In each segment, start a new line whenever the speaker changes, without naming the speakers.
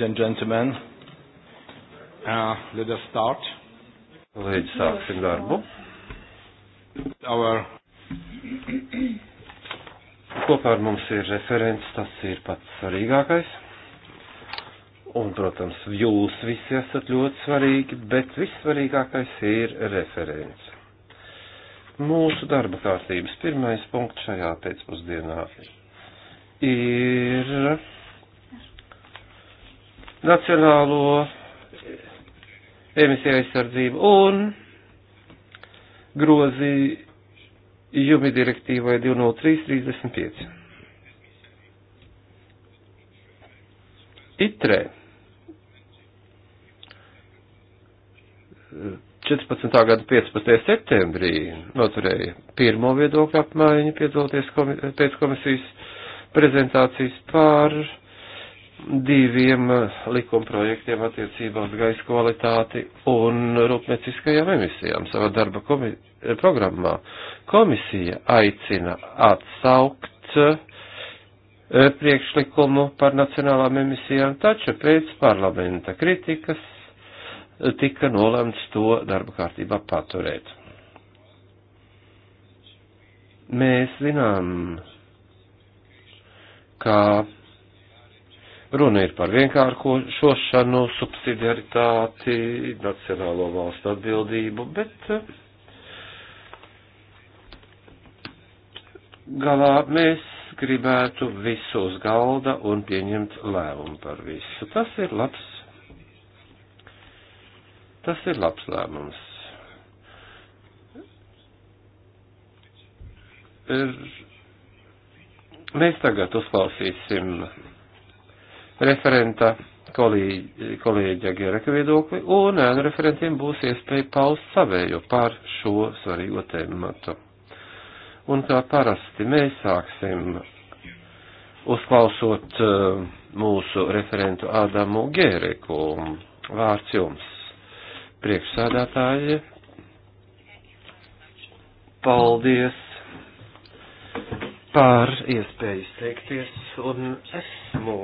Ladies and gentlemen, uh, let us start. Līdz sāksim darbu. Our... Kopā ar mums ir referents, tas ir pats svarīgākais. Un, protams, jūs visi esat ļoti svarīgi, bet vissvarīgākais ir referents. Mūsu darba kārtības pirmais punkts šajā pēcpusdienā ir nacionālo emisiju aizsardzību un grozījumi direktīvai 203.35. ITRE 14. gada 15. septembrī noturēja pirmo viedokļu apmaiņu piedzoties komi pēc komisijas prezentācijas par diviem eh, likumprojektiem attiecībā uz gaisa kvalitāti un rūpnieciskajām emisijām savā darba komi eh, programmā. Komisija aicina atsaukt eh, priekšlikumu par nacionālām emisijām, taču pēc parlamenta kritikas tika nolēmts to darba kārtībā paturēt. Mēs zinām, ka Runa ir par vienkāršošanu, subsidiaritāti, nacionālo valstu atbildību, bet eh, galā mēs gribētu visu uz galda un pieņemt lēmumu par visu. Tas ir labs. Tas ir labs lēmums. Ir, er, mēs tagad uzklausīsim referenta kolēģi, kolēģi Agiereka viedokli, un ēnu referentiem būs iespēja paust savējo par šo svarīgo tēmatu. Un kā parasti mēs sāksim uzklausot uh, mūsu referentu Ādamu Gēreku. Vārds jums, priekšsādātāji. Paldies par iespēju izteikties un esmu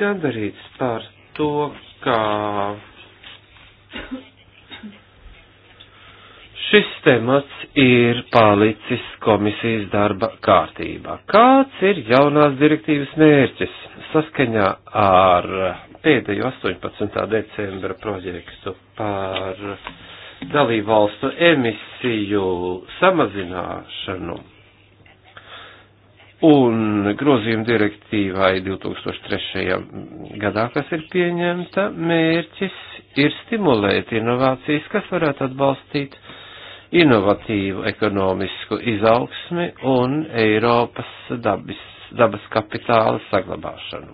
gandarīts par to, ka šis temats ir palicis komisijas darba kārtībā. Kāds ir jaunās direktīvas mērķis saskaņā ar pēdējo 18. decembra projektu par dalību valstu emisiju samazināšanu? un grozījuma direktīvai 2003. gadā, kas ir pieņemta, mērķis ir stimulēt inovācijas, kas varētu atbalstīt inovatīvu ekonomisku izaugsmi un Eiropas dabis, dabas kapitāla saglabāšanu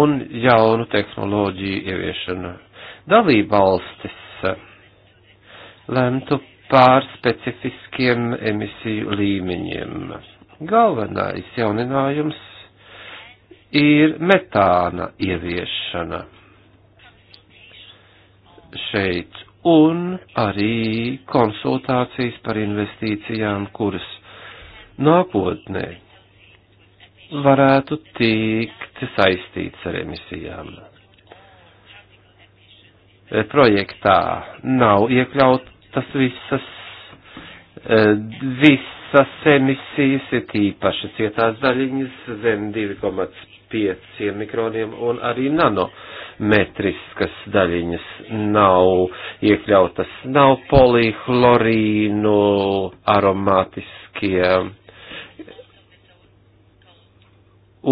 un jaunu tehnoloģiju ieviešanu. Dalībvalstis lemtu pār specifiskiem emisiju līmeņiem Galvenais jauninājums ir metāna ieviešana šeit un arī konsultācijas par investīcijām, kuras nākotnē varētu tikt saistīts ar emisijām. Projektā nav iekļautas visas, eh, viss visas emisijas, ir tīpaši cietās daļiņas zem 2,5 mikroniem un arī nanometriskas daļiņas nav iekļautas, nav polihlorīnu aromātiskie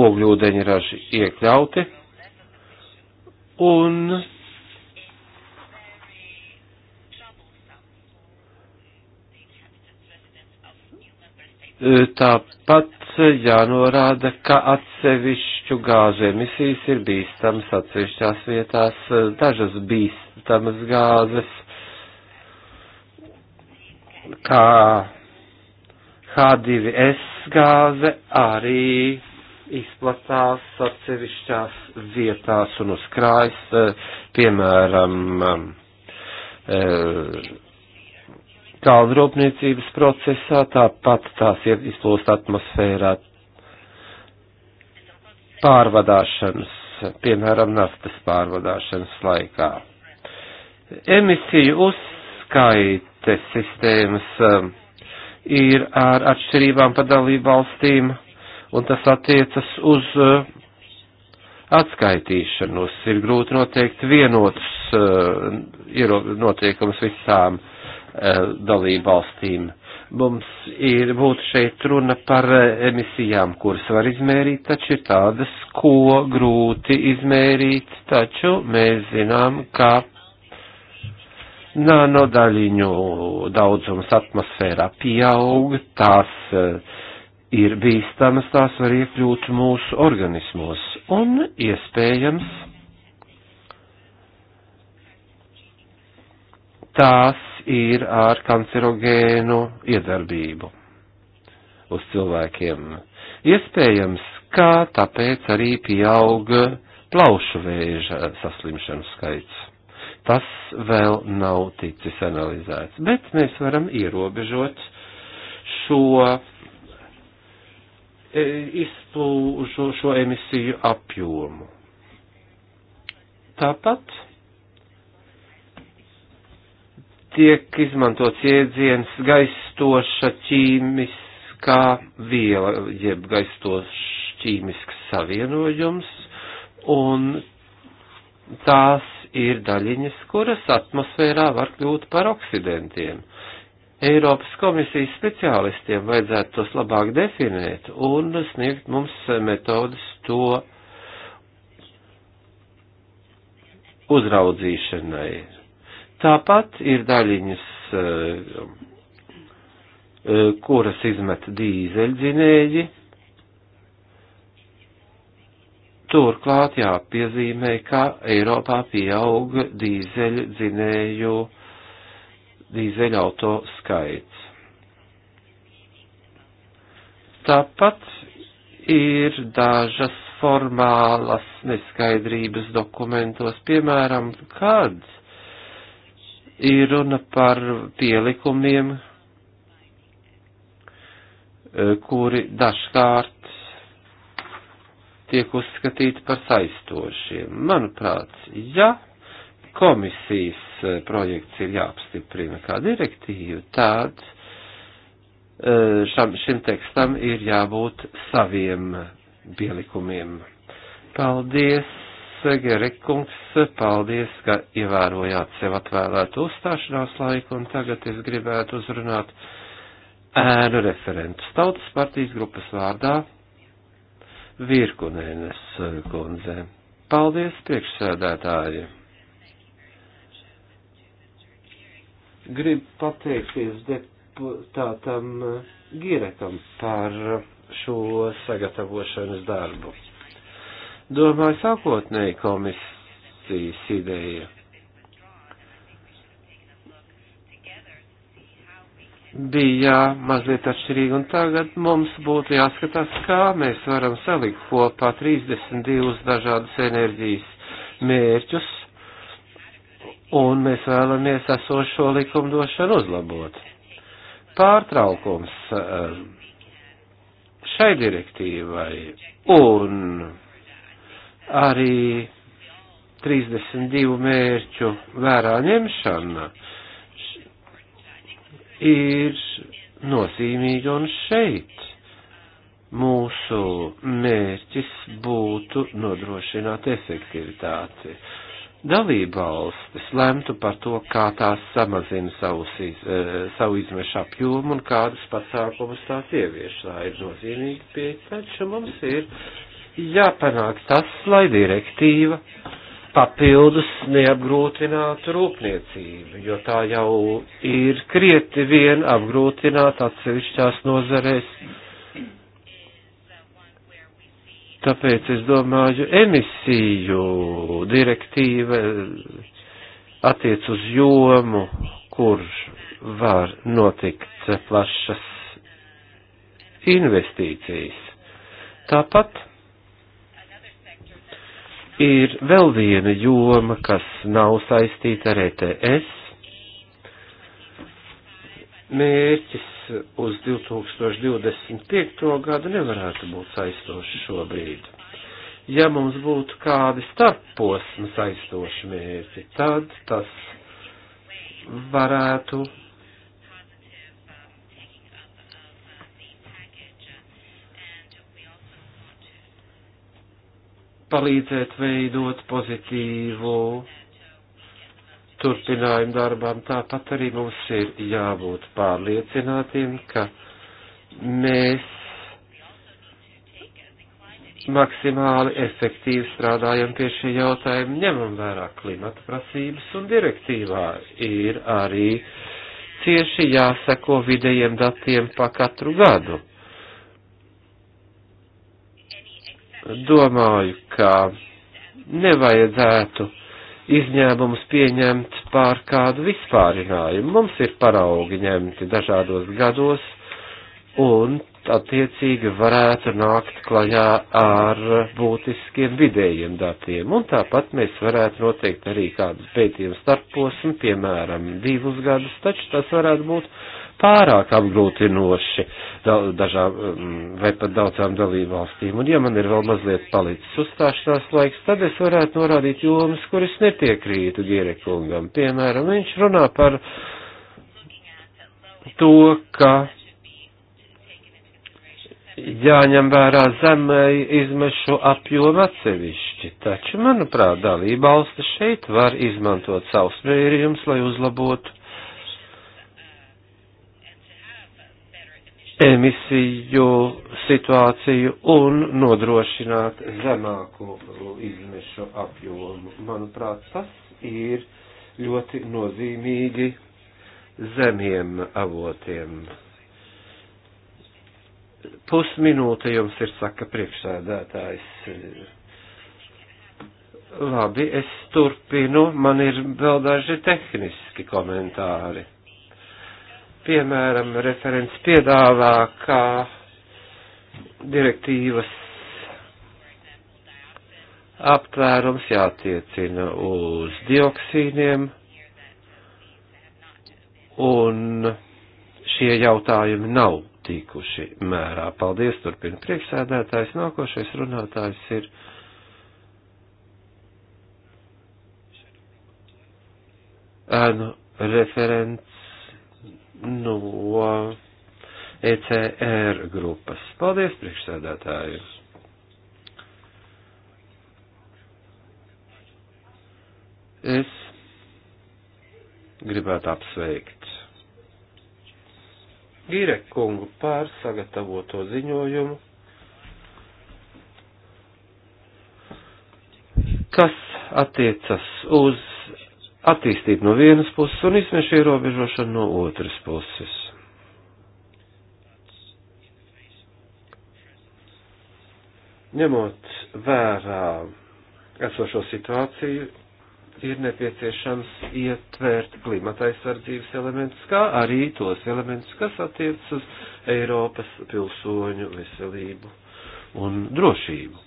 ogļūdeņraži iekļauti. Un Tāpat jānorāda, ka atsevišķu gāzu emisijas ir bīstamas atsevišķās vietās, dažas bīstamas gāzes, kā H2S gāze arī izplatās atsevišķās vietās un uzkrājas, piemēram, kalnrūpniecības procesā, tāpat tās izplūst atmosfērā pārvadāšanas, piemēram, naftas pārvadāšanas laikā. Emisiju uzskaite sistēmas um, ir ar atšķirībām pa dalību valstīm, un tas attiecas uz uh, atskaitīšanos. Ir grūti noteikt vienotus uh, noteikumus visām Eh, dalību valstīm. Mums ir būtu šeit runa par eh, emisijām, kuras var izmērīt, taču ir tādas, ko grūti izmērīt, taču mēs zinām, ka nanodaļiņu daudzums atmosfērā pieaug, tās eh, ir bīstamas, tās var iekļūt mūsu organismos un iespējams tās ir ar kancerogēnu iedarbību uz cilvēkiem. Iespējams, kā tāpēc arī pieauga plaušu vēža saslimšanu skaits. Tas vēl nav ticis analizēts, bet mēs varam ierobežot šo e, izplūžu šo emisiju apjomu. Tāpat tiek izmantots jēdziens gaistoša ķīmiskā viela, jeb gaistošs ķīmisks savienojums, un tās ir daļiņas, kuras atmosfērā var kļūt par oksidentiem. Eiropas komisijas speciālistiem vajadzētu tos labāk definēt un sniegt mums metodas to uzraudzīšanai Tāpat ir daļiņas, eh, eh, kuras izmet dīzeļdzinēji. Turklāt jāpiezīmē, ka Eiropā pieaug dīzeļdzinēju dīzeļauto skaits. Tāpat ir dažas formālas neskaidrības dokumentos, piemēram, kad ir runa par pielikumiem, eh, kuri dažkārt tiek uzskatīti par saistošiem. Manuprāt, ja komisijas eh, projekts ir jāapstiprina kā direktīva, tad eh, šam, šim tekstam ir jābūt saviem pielikumiem. Paldies! Gerekungs, paldies, ka ievērojāt sev atvēlētu uzstāšanās laiku, un tagad es gribētu uzrunāt ēnu referentus tautas partijas grupas vārdā Virkunēnes kundze. Paldies, priekšsēdētāji! Gribu pateikties deputātam Girekam par šo sagatavošanas darbu domāju, sākotnēji komisijas ideja. Bija mazliet atšķirīga, un tagad mums būtu jāskatās, kā mēs varam salikt kopā 32 dažādas enerģijas mērķus, un mēs vēlamies esošo likumdošanu uzlabot. Pārtraukums eh, šai direktīvai un arī 32 mērķu vērā ņemšana ir nozīmīga un šeit mūsu mērķis būtu nodrošināt efektivitāti. Dalībvalstis lemtu par to, kā tās samazina savus, iz, e, savu izmešu apjomu un kādus pasākumus tās ievieš. Tā ir nozīmīga pieeja, taču mums ir jāpanāk tas, lai direktīva papildus neapgrūtinātu rūpniecību, jo tā jau ir krieti vien apgrūtināta atsevišķās nozarēs. Tāpēc es domāju, emisiju direktīva attiec uz jomu, kur var notikt plašas investīcijas. Tāpat Ir vēl viena joma, kas nav saistīta ar ETS. Mērķis uz 2025. gadu nevarētu būt saistošs šobrīd. Ja mums būtu kādi starpposmi saistoši mērķi, tad tas varētu palīdzēt veidot pozitīvu turpinājumu darbām. Tāpat arī mums ir jābūt pārliecinātiem, ka mēs maksimāli efektīvi strādājam pie šī jautājuma, ņemam vērā klimata prasības un direktīvā ir arī cieši jāseko vidējiem datiem pa katru gadu. domāju, ka nevajadzētu izņēmumus pieņemt pār kādu vispārinājumu. Mums ir paraugi ņemti dažādos gados un attiecīgi varētu nākt klajā ar būtiskiem vidējiem datiem. Un tāpat mēs varētu noteikt arī kādu pētījumu starpposmu, piemēram, divus gadus, taču tas varētu būt pārāk apgrūtinoši dažām mm, vai pat daudzām dalībvalstīm. Un ja man ir vēl mazliet palicis uzstāšanās laiks, tad es varētu norādīt jomas, kuras nepiekrītu Gierekungam. Piemēram, viņš runā par to, ka jāņem vērā zemē izmešu apjoma atsevišķi, taču, manuprāt, dalībvalstis šeit var izmantot savus mērījumus, lai uzlabotu emisiju situāciju un nodrošināt zemāku izmešu apjomu. Manuprāt, tas ir ļoti nozīmīgi zemiem avotiem. Pusminūte jums ir saka priekšsēdētājs. Labi, es turpinu, man ir vēl daži tehniski komentāri. Piemēram, referents piedāvā, kā direktīvas aptvērums jātiecina uz dioksīniem, un šie jautājumi nav tikuši mērā. Paldies, turpina priekšsēdētājs. Nākošais runātājs ir. Ēnu referents no ECR grupas. Paldies, priekšsēdētāji! Es gribētu apsveikt Girekungu par sagatavoto ziņojumu, kas attiecas uz attīstība no vienas puses un izmešu ierobežošana no otras puses. Ņemot vērā esošo situāciju, ir nepieciešams ietvērt klimata aizsardzības elementus, kā arī tos elementus, kas attiecas uz Eiropas pilsoņu veselību un drošību.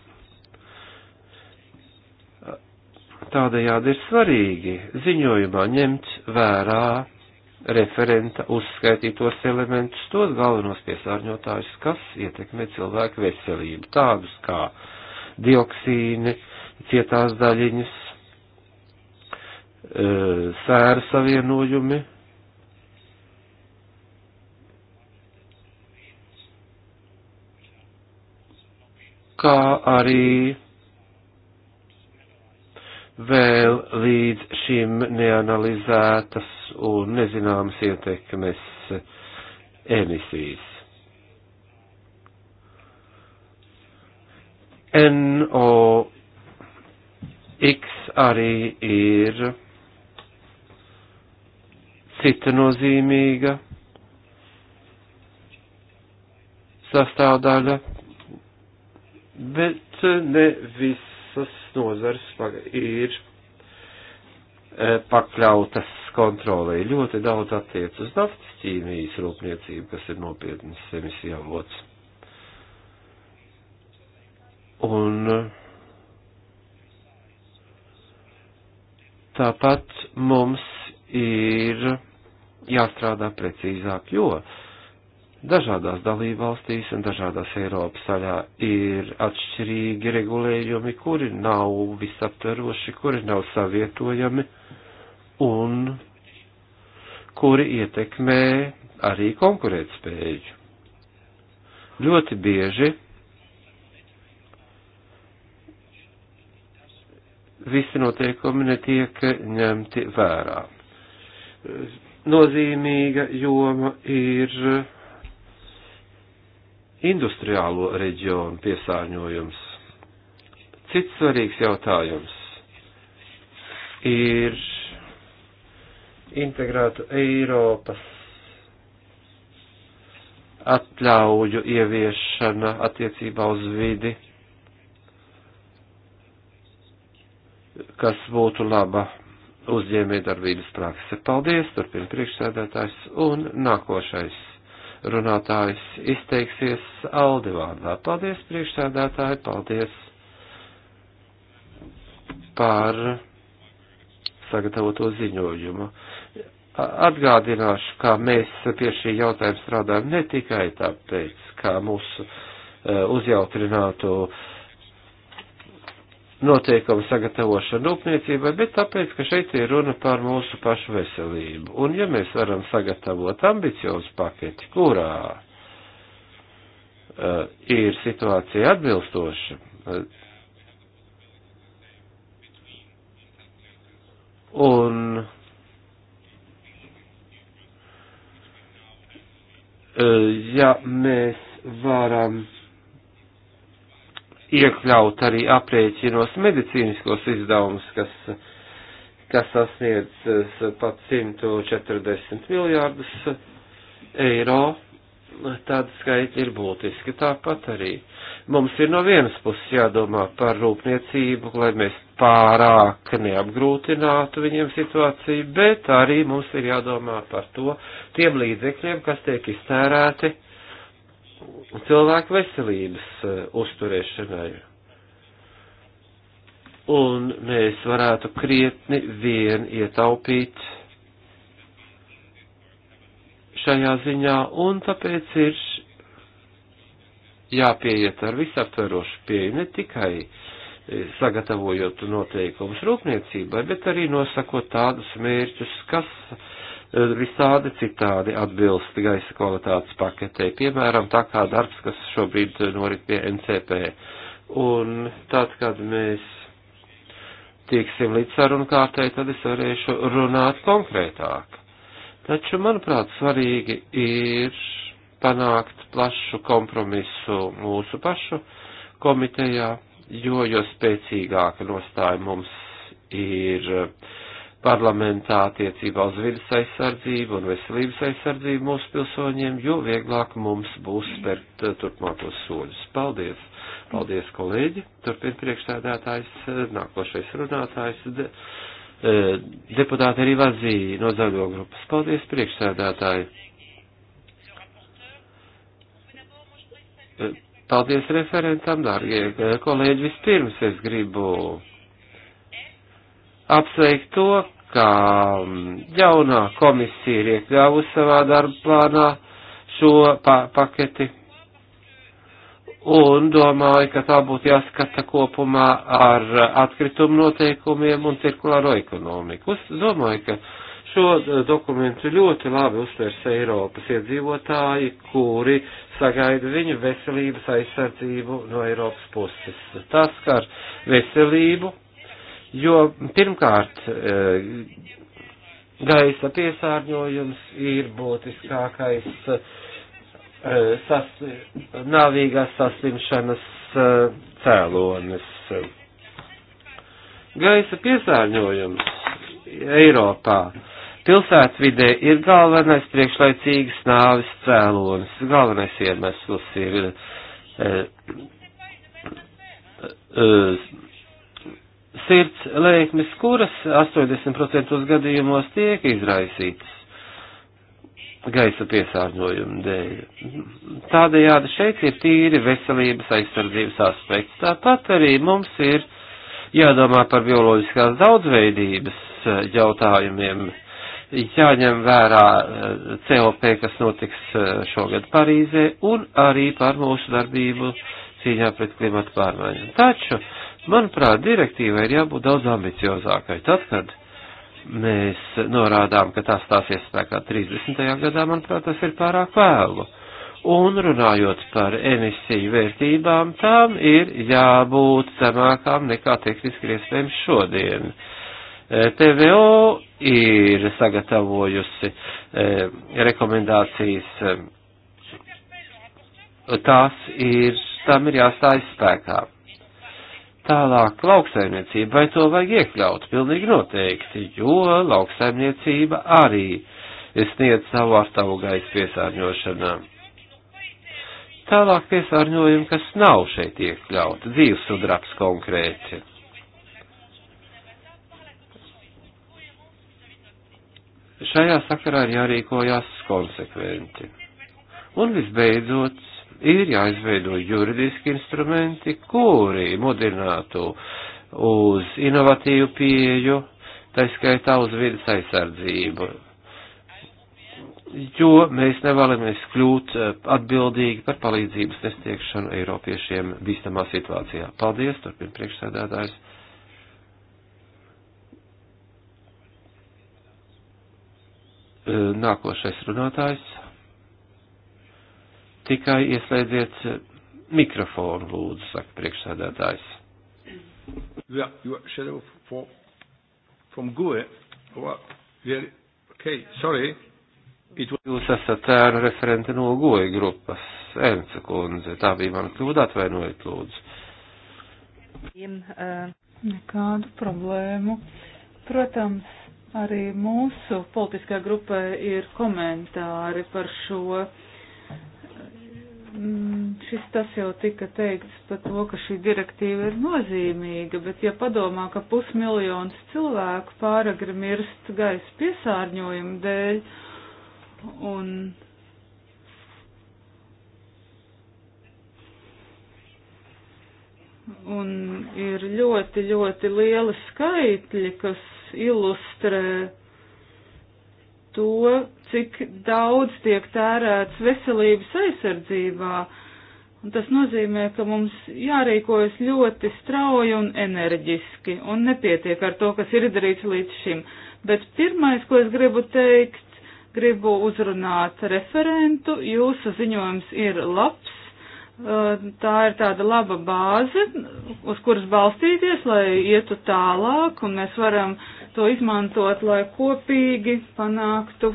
Tādējādi ir svarīgi ziņojumā ņemt vērā referenta uzskaitītos elementus, tos galvenos piesārņotājus, kas ietekmē cilvēku veselību, tādus kā dioksīni, cietās daļiņas, e, sēra savienojumi. kā arī vēl līdz šim neanalizētas un nezināmas ietekmes emisijas. NOx arī ir cita nozīmīga sastāvdaļa, bet ne viss visas nozars ir e, pakļautas kontrolē. Ļoti daudz attiec uz naftas ķīmijas rūpniecību, kas ir nopietnas emisiju avots. Un tāpat mums ir jāstrādā precīzāk, jo uh, Dažādās dalībvalstīs un dažādās Eiropas daļā ir atšķirīgi regulējumi, kuri nav visaptveroši, kuri nav savietojami un kuri ietekmē arī konkurētspēju. Ļoti bieži visi noteikumi netiek ņemti vērā. Nozīmīga joma ir industriālo reģionu piesārņojums. Cits svarīgs jautājums ir integrētu Eiropas atļauju ieviešana attiecībā uz vidi, kas būtu laba uzņēmē darbības prakse. Paldies, turpina priekšsēdētājs un nākošais runātājs izteiksies Aldi vārdā. Paldies, priekšsēdētāji, paldies par sagatavoto ziņojumu. Atgādināšu, kā mēs pie šī jautājuma strādājam ne tikai tāpēc, kā mūsu e, uzjautrinātu uh, noteikumu sagatavošanu rūpniecībai, bet tāpēc, ka šeit ir runa par mūsu pašu veselību. Un ja mēs varam sagatavot ambiciozu paketi, kurā uh, ir situācija atbilstoša, uh, un uh, ja mēs varam iekļaut arī aprēķinos medicīniskos izdevumus, kas, kas sasniedz eh, pat 140 miljārdus eiro, tāda skaita ir būtiski. Tāpat arī mums ir no vienas puses jādomā par rūpniecību, lai mēs pārāk neapgrūtinātu viņiem situāciju, bet arī mums ir jādomā par to tiem līdzekļiem, kas tiek iztērēti cilvēku veselības e, uzturēšanai. Un mēs varētu krietni vien ietaupīt šajā ziņā, un tāpēc ir jāpieiet ar visaptverošu pieeju ne tikai e, sagatavojot noteikumus rūpniecībai, bet arī nosakot tādus mērķus, kas uh, Eh, visādi citādi atbilst gaisa kvalitātes paketei, piemēram, tā kā darbs, kas šobrīd norit pie NCP. Un tad, kad mēs tieksim līdz sarunu kārtai, tad es varēšu runāt konkrētāk. Taču, manuprāt, svarīgi ir panākt plašu kompromisu mūsu pašu komitejā, jo, jo spēcīgāka nostāja mums ir uh, parlamentā attiecībā uz vidas aizsardzību un veselības aizsardzību mūsu pilsoņiem, jo vieglāk mums būs spērt eh, turpmākos soļus. Paldies! Paldies, kolēģi! Turpin priekšsēdētājs, eh, nākošais runātājs, de, eh, deputāte Rivazī no Zaļo grupas. Paldies, priekšsēdētāji! Paldies referentam, dārgie kolēģi! Vispirms es gribu apsveikt to, kā um, jaunā komisija ir iekļāvusi savā darba plānā šo pa paketi un domāju, ka tā būtu jāskata kopumā ar atkritumu noteikumiem un cirkulāro ekonomiku. Es domāju, ka šo uh, dokumentu ļoti labi uztvers Eiropas iedzīvotāji, kuri sagaida viņu veselības aizsardzību no Eiropas puses. Tas skar veselību, Jo pirmkārt, eh, gaisa piesārņojums ir būtiskākais eh, sas, navīgās saslimšanas eh, cēlonis. Gaisa piesārņojums Eiropā pilsētvidē ir galvenais priekšlaicīgas nāvis cēlonis. Galvenais iemesls ir. Uh, uh, sirds lēkmes, kuras 80% gadījumos tiek izraisītas gaisa piesārņojuma dēļ. Tādējādi šeit ir tīri veselības aizsardzības aspekts. Tāpat arī mums ir jādomā par bioloģiskās daudzveidības eh, jautājumiem, jāņem vērā eh, COP, kas notiks eh, šogad Parīzē, un arī par mūsu darbību cīņā pret klimatu pārmaiņām. Taču Manuprāt, direktīva ir jābūt daudz ambiciozākai. Tad, kad mēs norādām, ka tā stāsies spēkā 30. gadā, manuprāt, tas ir pārāk vēlu. Un runājot par emisiju vērtībām, tām ir jābūt zemākām nekā tehniski iespējams šodien. E, TVO ir sagatavojusi e, rekomendācijas, e, tās ir, tam ir jāstājas spēkā. Tālāk, lauksaimniecība, vai to vajag iekļaut? Pilnīgi noteikti, jo lauksaimniecība arī sniedz savu artavu gaisa piesārņošanā. Tālāk piesārņojumi, kas nav šeit iekļauti, dzīvesudraps konkrēti. Šajā sakarā ir jārīkojās konsekventi. Un visbeidzot, ir jāizveido juridiski instrumenti, kuri modinātu uz inovatīvu pieju, taiskaitā uz vidas aizsardzību. Jo mēs nevēlamies kļūt eh, atbildīgi par palīdzības nestiekšanu Eiropiešiem bīstamā situācijā. Paldies, turpin priekšsēdētājs. Eh, nākošais runātājs. Tikai ieslēdziet eh, mikrofonu, lūdzu, saka priekšsēdētājs. Yeah, you are shadow for, from GUE. Well, yeah, okay, sorry. It was... Jūs esat ēnu referente no GUE grupas, Enca kundze. Tā bija mana kļūda, atvainojiet, lūdzu.
Eh,
Nekādu problēmu. Protams, arī mūsu politiskā grupē ir komentāri par šo Mm, šis tas jau tika teikts par to, ka šī direktīva ir nozīmīga, bet ja padomā, ka pusmiljons cilvēku pāragri mirst gaisa piesārņojumu dēļ un. Un ir ļoti, ļoti lieli skaitļi, kas ilustrē to, cik daudz tiek tērēts veselības aizsardzībā. Un tas nozīmē, ka mums jārīkojas ļoti strauji un enerģiski, un nepietiek ar to, kas ir darīts līdz šim. Bet pirmais, ko es gribu teikt, gribu uzrunāt referentu. Jūsu ziņojums ir labs, Eh, tā ir tāda laba bāze, uz kuras balstīties, lai ietu tālāk, un mēs varam to izmantot, lai kopīgi panāktu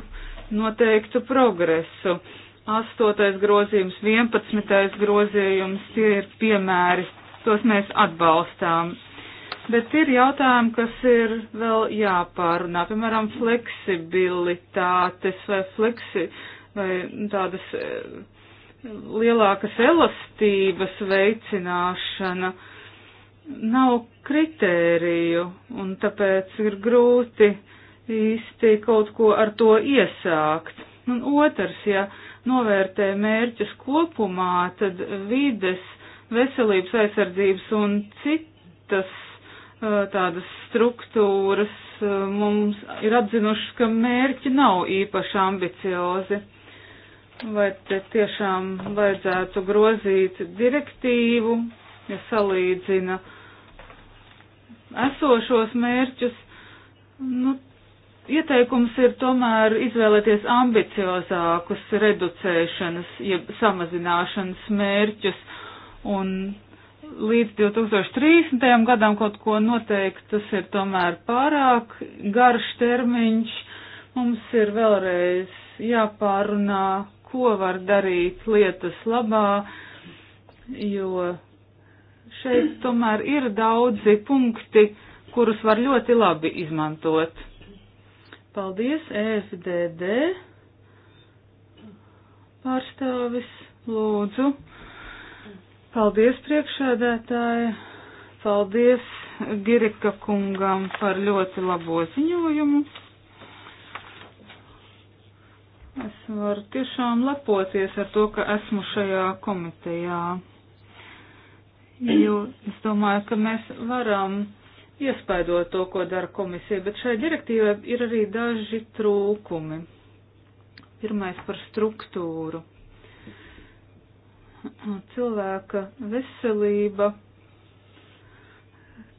noteiktu progresu. 8. grozījums, 11. grozījums, tie ir piemēri, tos mēs atbalstām. Bet ir jautājumi, kas ir vēl jāpārunā, piemēram, fleksibilitātes vai fleksi vai tādas eh, lielākas elastības veicināšana nav kritēriju, un tāpēc ir grūti īsti kaut ko ar to iesākt. Un otrs, ja novērtē mērķus kopumā, tad vides, veselības aizsardzības un citas tādas struktūras mums ir atzinušas, ka mērķi nav īpaši ambiciozi vai te tiešām vajadzētu grozīt direktīvu, ja salīdzina esošos mērķus. Nu, ieteikums ir tomēr izvēlēties ambiciozākus reducēšanas, jeb samazināšanas mērķus un līdz 2030. gadam kaut ko noteikt, tas ir tomēr pārāk garš termiņš. Mums ir vēlreiz jāpārunā ko var darīt lietas labā, jo šeit tomēr ir daudzi punkti, kurus var ļoti labi izmantot. Paldies, EFDD. Pārstāvis, lūdzu. Paldies, priekšādētāji. Paldies Girika kungam par ļoti labo ziņojumu. Es varu tiešām lepoties ar to, ka esmu šajā komitejā. Jo es domāju, ka mēs varam iespaidot to, ko dara komisija, bet šai direktīvai ir arī daži trūkumi. Pirmais par struktūru. Cilvēka veselība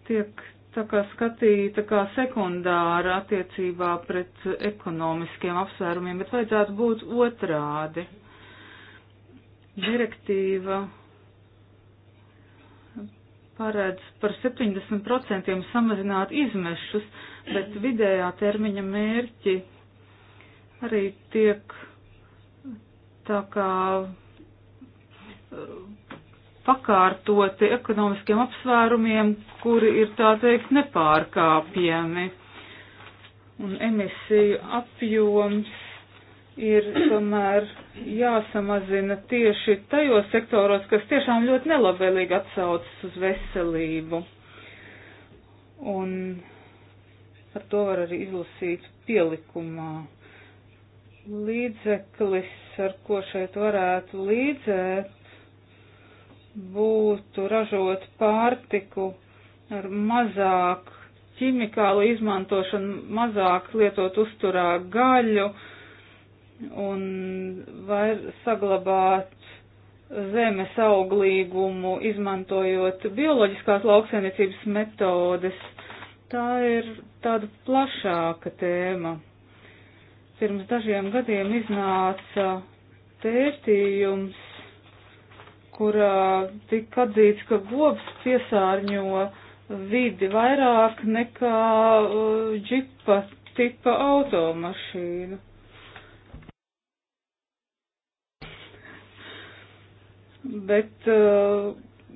tiek tā kā skatīta kā sekundāra attiecībā pret ekonomiskiem apsvērumiem, bet vajadzētu būt otrādi. Direktīva paredz par 70% samazināt izmešus, bet vidējā termiņa mērķi arī tiek tā kā eh, pakārtoti ekonomiskiem apsvērumiem, kuri ir tā teikt nepārkāpjami. Un emisiju apjoms ir tomēr jāsamazina tieši tajos sektoros, kas tiešām ļoti nelabvēlīgi atsaucas uz veselību. Un par to var arī izlasīt pielikumā. Līdzeklis, ar ko šeit varētu līdzēt, būtu ražot pārtiku, ar mazāk ķimikālu izmantošanu, mazāk lietot uzturā gaļu un var saglabāt zemes auglīgumu, izmantojot bioloģiskās lauksainiecības metodes. Tā ir tāda plašāka tēma. Pirms dažiem gadiem iznāca pētījums, kurā tika atzīts, ka govs piesārņo uh, vidi vairāk nekā uh, džipa tipa automašīnu. Bet uh,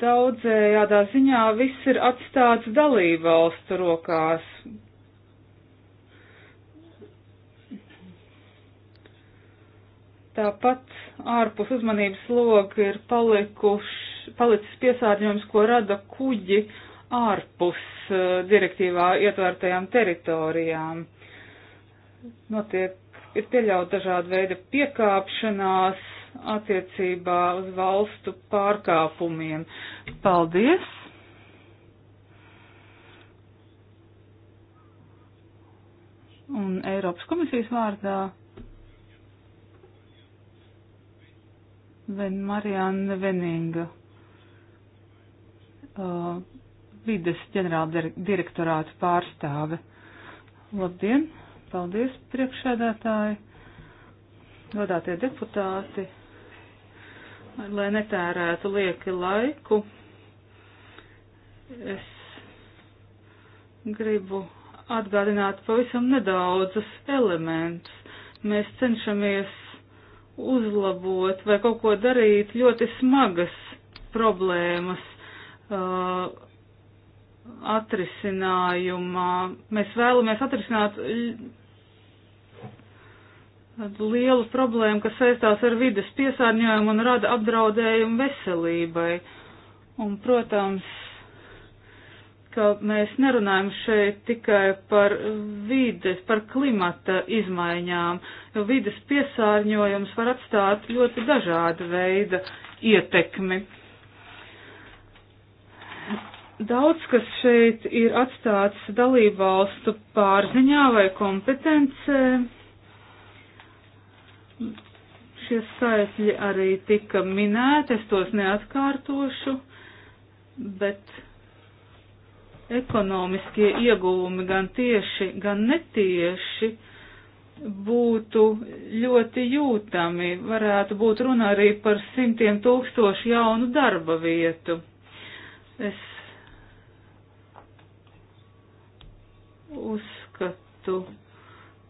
daudzējādā ziņā viss ir atstāts dalībvalstu rokās. Tāpat ārpus uzmanības loga ir palikuši palicis piesārņojums, ko rada kuģi ārpus e, direktīvā ietvērtajām teritorijām. Notiek, ir pieļaut dažādi veidi piekāpšanās attiecībā uz valstu pārkāpumiem. Paldies! Un Eiropas komisijas vārdā Ven Marianne Veninga uh, vides ģenerāla direktorāta pārstāve. Labdien! Paldies, priekšsēdētāji! Godātie deputāti! Lai netērētu lieki laiku, es gribu atgādināt pavisam nedaudzus elementus. Mēs cenšamies uzlabot vai kaut ko darīt ļoti smagas problēmas uh, atrisinājumā. Mēs vēlamies atrisināt lielu problēmu, kas saistās ar vides piesārņojumu un rada apdraudējumu veselībai. Un, protams, ka mēs nerunājam šeit tikai par vides, par klimata izmaiņām, jo vides piesārņojums var atstāt ļoti dažādu veidu ietekmi. Daudz, kas šeit ir atstāts dalību valstu pārziņā vai kompetencē, šie saitļi arī tika minēti, es tos neatkārtošu, bet ekonomiskie ieguvumi gan tieši, gan netieši būtu ļoti jūtami. Varētu būt runa arī par simtiem tūkstošu jaunu darba vietu. Es uzskatu,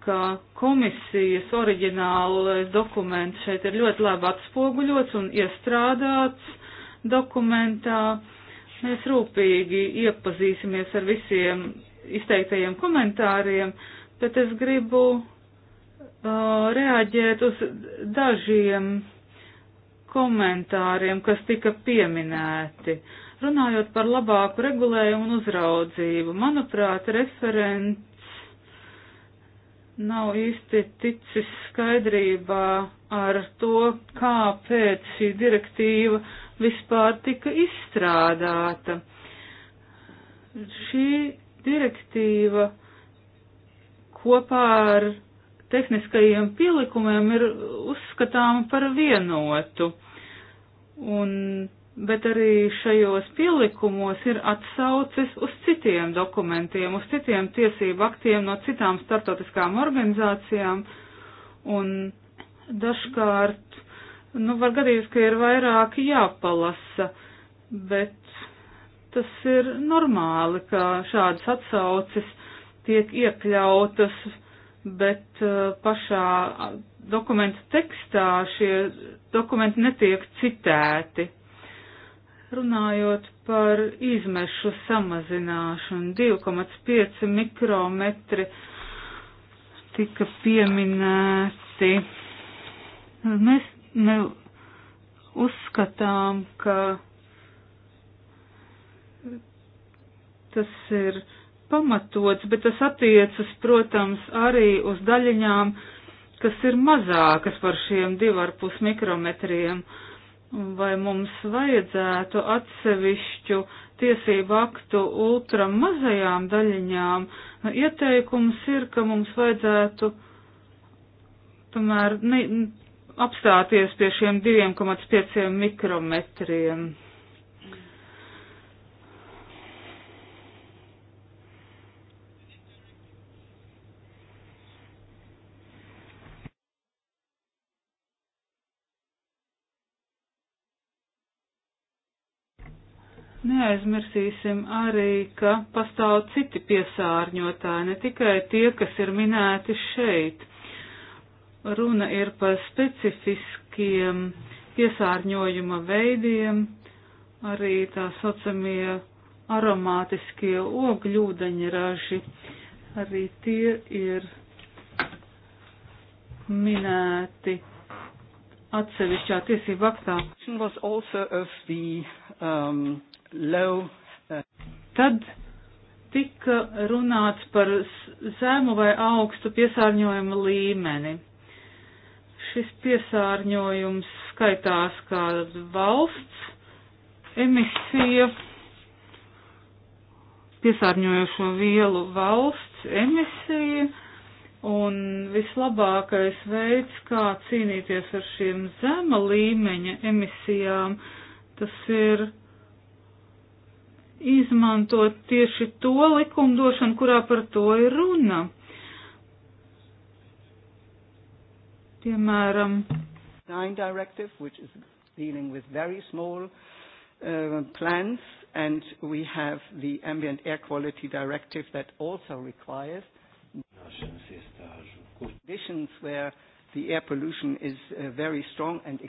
ka komisijas oriģinālais dokuments šeit ir ļoti labi atspoguļots un iestrādāts dokumentā. Mēs rūpīgi iepazīsimies ar visiem izteiktajiem komentāriem, bet es gribu uh, reaģēt uz dažiem komentāriem, kas tika pieminēti. Uh, Runājot par labāku regulējumu un uzraudzību, manuprāt, referents nav īsti ticis skaidrībā ar to, kāpēc šī direktīva vispār tika izstrādāta. Šī direktīva kopā ar tehniskajiem pielikumiem ir uzskatāma par vienotu. Un bet arī šajos pielikumos ir atsauces uz citiem dokumentiem, uz citiem tiesību aktiem no citām startautiskām organizācijām, un dažkārt, nu, var gadījus, ka ir vairāk jāpalasa, bet tas ir normāli, ka šādas atsauces tiek iekļautas, bet uh, pašā dokumentu tekstā šie dokumenti netiek citēti. Runājot par izmešu samazināšanu, 2,5 mikrometri tika pieminēti. Mēs ne uzskatām, ka tas ir pamatots, bet tas attiecas, protams, arī uz daļiņām, kas ir mazākas par šiem 2,5 mikrometriem. Uh, vai mums vajadzētu atsevišķu tiesību aktu ultramazajām daļiņām, nu, ieteikums ir, ka mums vajadzētu tomēr ne, apstāties pie šiem 2,5 mikrometriem. Neaizmirsīsim arī, ka pastāv citi piesārņotāji, ne tikai tie, kas ir minēti šeit. Runa ir par specifiskiem piesārņojuma veidiem, arī tā saucamie aromātiskie ogļūdeņraži, arī tie ir minēti atsevišķā tiesību aktā. The, um, low, uh... Tad tika runāts par zemu vai augstu piesārņojumu līmeni. Šis piesārņojums skaitās kā valsts emisija, piesārņojošo vielu valsts emisija Un vislabākais veids, kā cīnīties ar šiem zema līmeņa emisijām, tas ir izmantot tieši to likumdošanu, kurā par to ir runa. Piemēram, directive, which is dealing with very small uh, plants, and we have the ambient air quality directive that also requires Nāšanas iestāžu. Conditions where the air pollution is uh, very strong and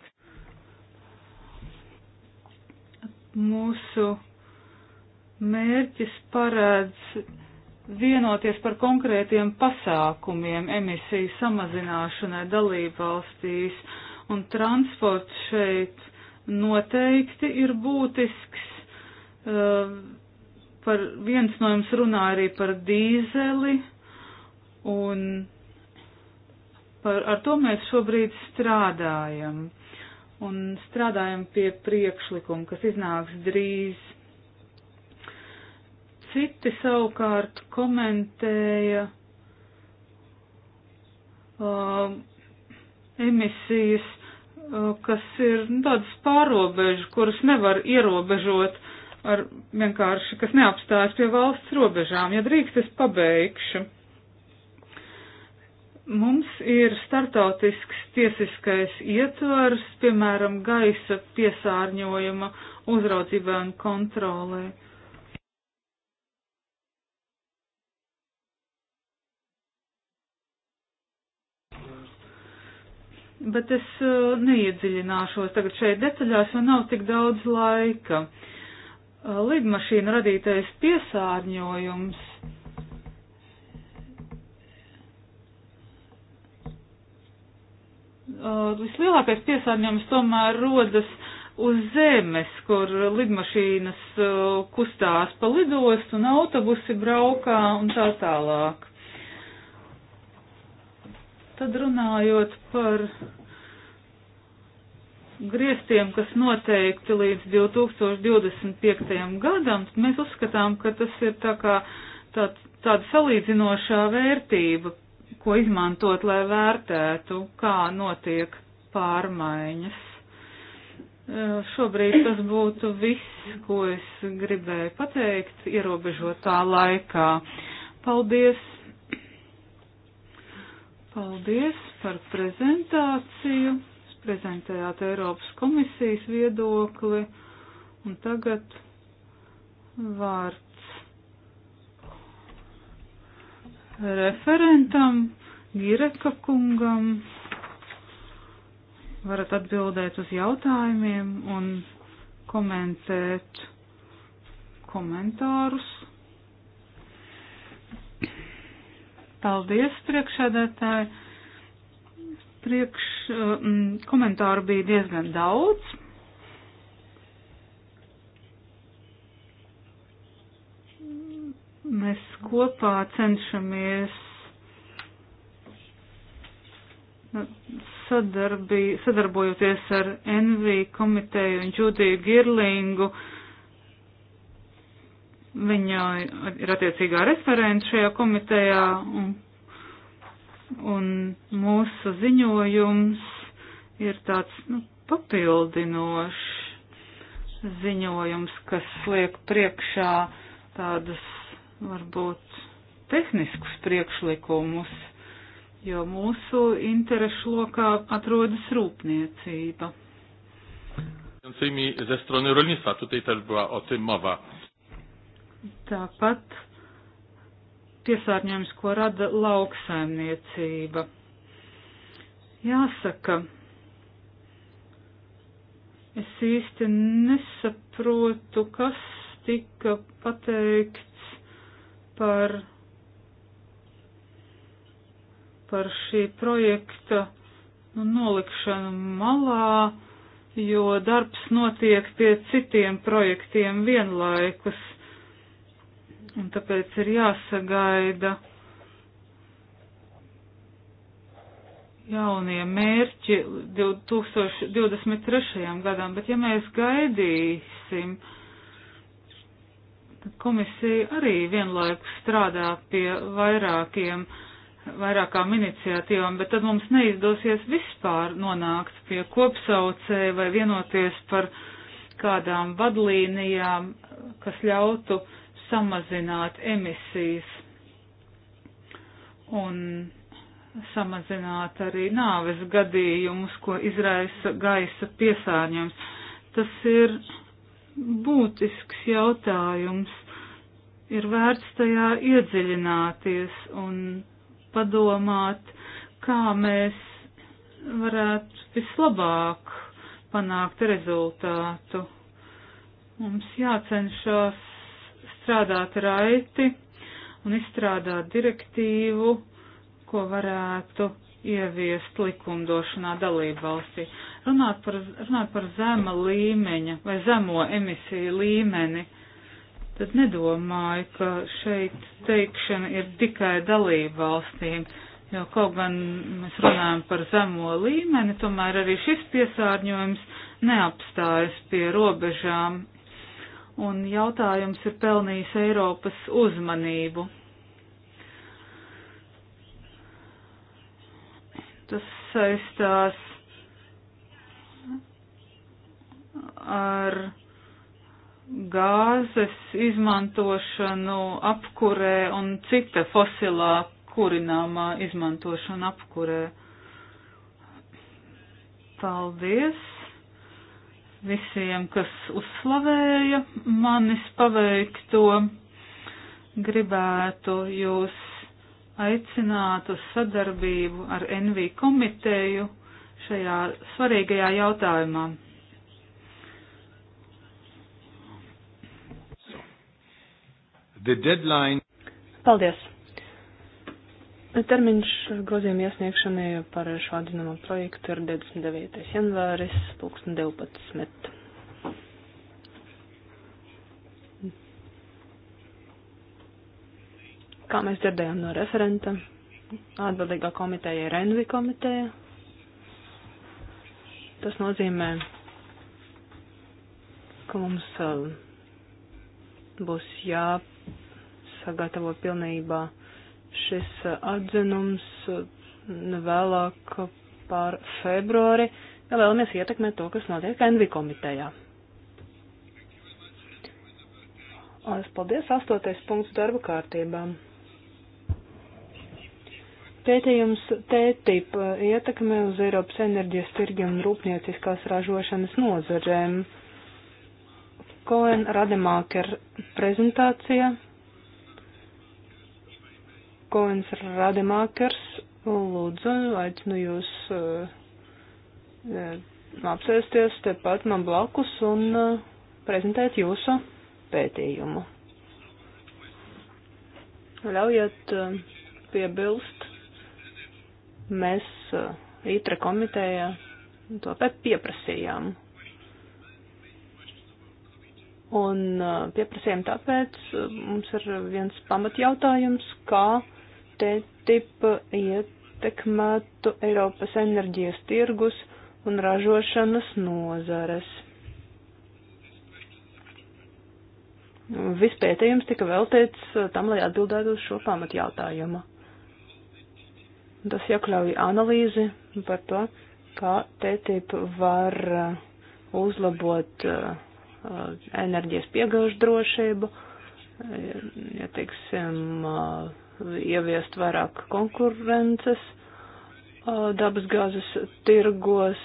Mūsu mērķis parāds vienoties par konkrētiem pasākumiem emisiju samazināšanai dalībvalstīs, un transports šeit noteikti ir būtisks. Uh, par viens no jums runā arī par dīzeli, Un par, ar to mēs šobrīd strādājam. Un strādājam pie priekšlikuma, kas iznāks drīz. Citi savukārt komentēja uh, emisijas, uh, kas ir nu, tādas pārobežu, kuras nevar ierobežot ar vienkārši, kas neapstājas pie valsts robežām. Ja drīkst, es pabeigšu. Mums ir startautisks tiesiskais ietvars, piemēram, gaisa piesārņojuma uzraudzībai un kontrolē. Bet es uh, neiedziļināšos tagad šeit detaļās, jo nav tik daudz laika. Uh, Lidmašīna radītais piesārņojums Uh, vislielākais piesārņojums tomēr rodas uz zemes, kur lidmašīnas uh, kustās pa lidostu un autobusi braukā un tā tālāk. Tad runājot par griestiem, kas noteikti līdz 2025. gadam, mēs uzskatām, ka tas ir tā kā tā, tāda salīdzinošā vērtība ko izmantot, lai vērtētu, kā notiek pārmaiņas. Šobrīd tas būtu viss, ko es gribēju pateikt ierobežotā laikā. Paldies! Paldies par prezentāciju. Jūs prezentējāt Eiropas komisijas viedokli un tagad vārds referentam Gireka kungam. Varat atbildēt uz jautājumiem un komentēt komentārus. Paldies, priekšēdētāji. Priekš, um, komentāru bija diezgan daudz. Mēs kopā cenšamies sadarbī, sadarbojoties ar NV komiteju un Džudiju Girlingu. Viņa ir attiecīgā referenta šajā komitejā un, un mūsu ziņojums ir tāds nu, papildinošs ziņojums, kas liek priekšā tādas varbūt tehniskus priekšlikumus, jo mūsu interešu lokā atrodas rūpniecība.
Ze strony rolnictwa. Tutaj też była o tym mowa.
Tāpat piesārņojums, ko rada lauksaimniecība. Jāsaka, es īsti nesaprotu, kas tika pateikts par, par šī projekta nu, nolikšanu malā, jo darbs notiek pie citiem projektiem vienlaikus. Un tāpēc ir jāsagaida jaunie mērķi 2023. gadam, bet ja mēs gaidīsim, Komisija arī vienlaikus strādā pie vairākiem, vairākām iniciatīvām, bet tad mums neizdosies vispār nonākt pie kopsaucē vai vienoties par kādām vadlīnijām, kas ļautu samazināt emisijas un samazināt arī nāves gadījumus, ko izraisa gaisa piesārņojums. Tas ir būtisks jautājums. Ir vērts tajā iedziļināties un padomāt, kā mēs varētu vislabāk panākt rezultātu. Mums jācenšas strādāt raiti un izstrādāt direktīvu, ko varētu ieviest likumdošanā dalību valstī. Runāt par, runāt par zema līmeņa vai zemo emisiju līmeni, tad nedomāju, ka šeit teikšana ir tikai dalību valstīm, jo kaut gan mēs runājam par zemo līmeni, tomēr arī šis piesārņojums neapstājas pie robežām. Un jautājums ir pelnījis Eiropas uzmanību. Tas saistās ar gāzes izmantošanu apkurē un cita fosilā kurināmā izmantošana apkurē. Paldies visiem, kas uzslavēja manis paveikto. Gribētu jūs aicinātu sadarbību ar NV komiteju šajā svarīgajā jautājumā.
Paldies! Termiņš grozījuma iesniegšanai par šo atzinumu projektu ir 29. janvāris, 2012. Kā mēs dzirdējām no referenta, atbildīgā komiteja ir Envi komiteja. Tas nozīmē, ka mums um, būs jāsagatavo pilnībā šis uh, atzinums uh, vēlāk par februāri, ja vēlamies ietekmēt to, kas notiek Envi komitejā. Paldies, astotais punkts darba kārtībām. Pētījums TTIP uh, ietekme uz Eiropas enerģijas tirgiem un rūpnieciskās ražošanas nozarēm. Koen Rademāker prezentācija. Koens Rademākers, lūdzu, aicinu jūs uh, uh, apsēsties tepat man blakus un uh, prezentēt jūsu pētījumu. Ļaujiet uh, piebilst, Mēs eh, ITRA komiteja to pieprasījām. Un eh, pieprasījām tāpēc, eh, mums ir viens pamatjautājums, kā TTIP ietekmētu Eiropas enerģijas tirgus un ražošanas nozares. Vispētījums tika veltīts tam, lai atbildētu uz šo pamatjautājumu. Tas iekļauj analīzi par to, kā TTIP var uh, uzlabot uh, uh, enerģijas piegāžu drošību, ja teiksim, ieviest vairāk konkurences dabasgāzes tirgos,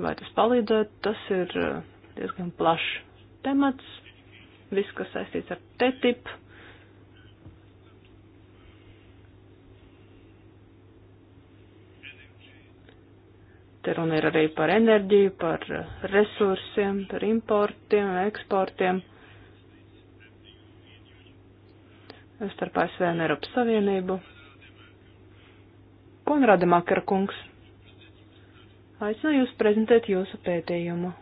vai tas palīdzētu, tas ir diezgan plašs temats, viss, kas saistīts ar TTIP Te runa ir arī par enerģiju, par resursiem, par importiem, eksportiem. Starp ASV un Eiropas Savienību. Konrāda Makara kungs. Aicinu jūs prezentēt jūsu pētījumu.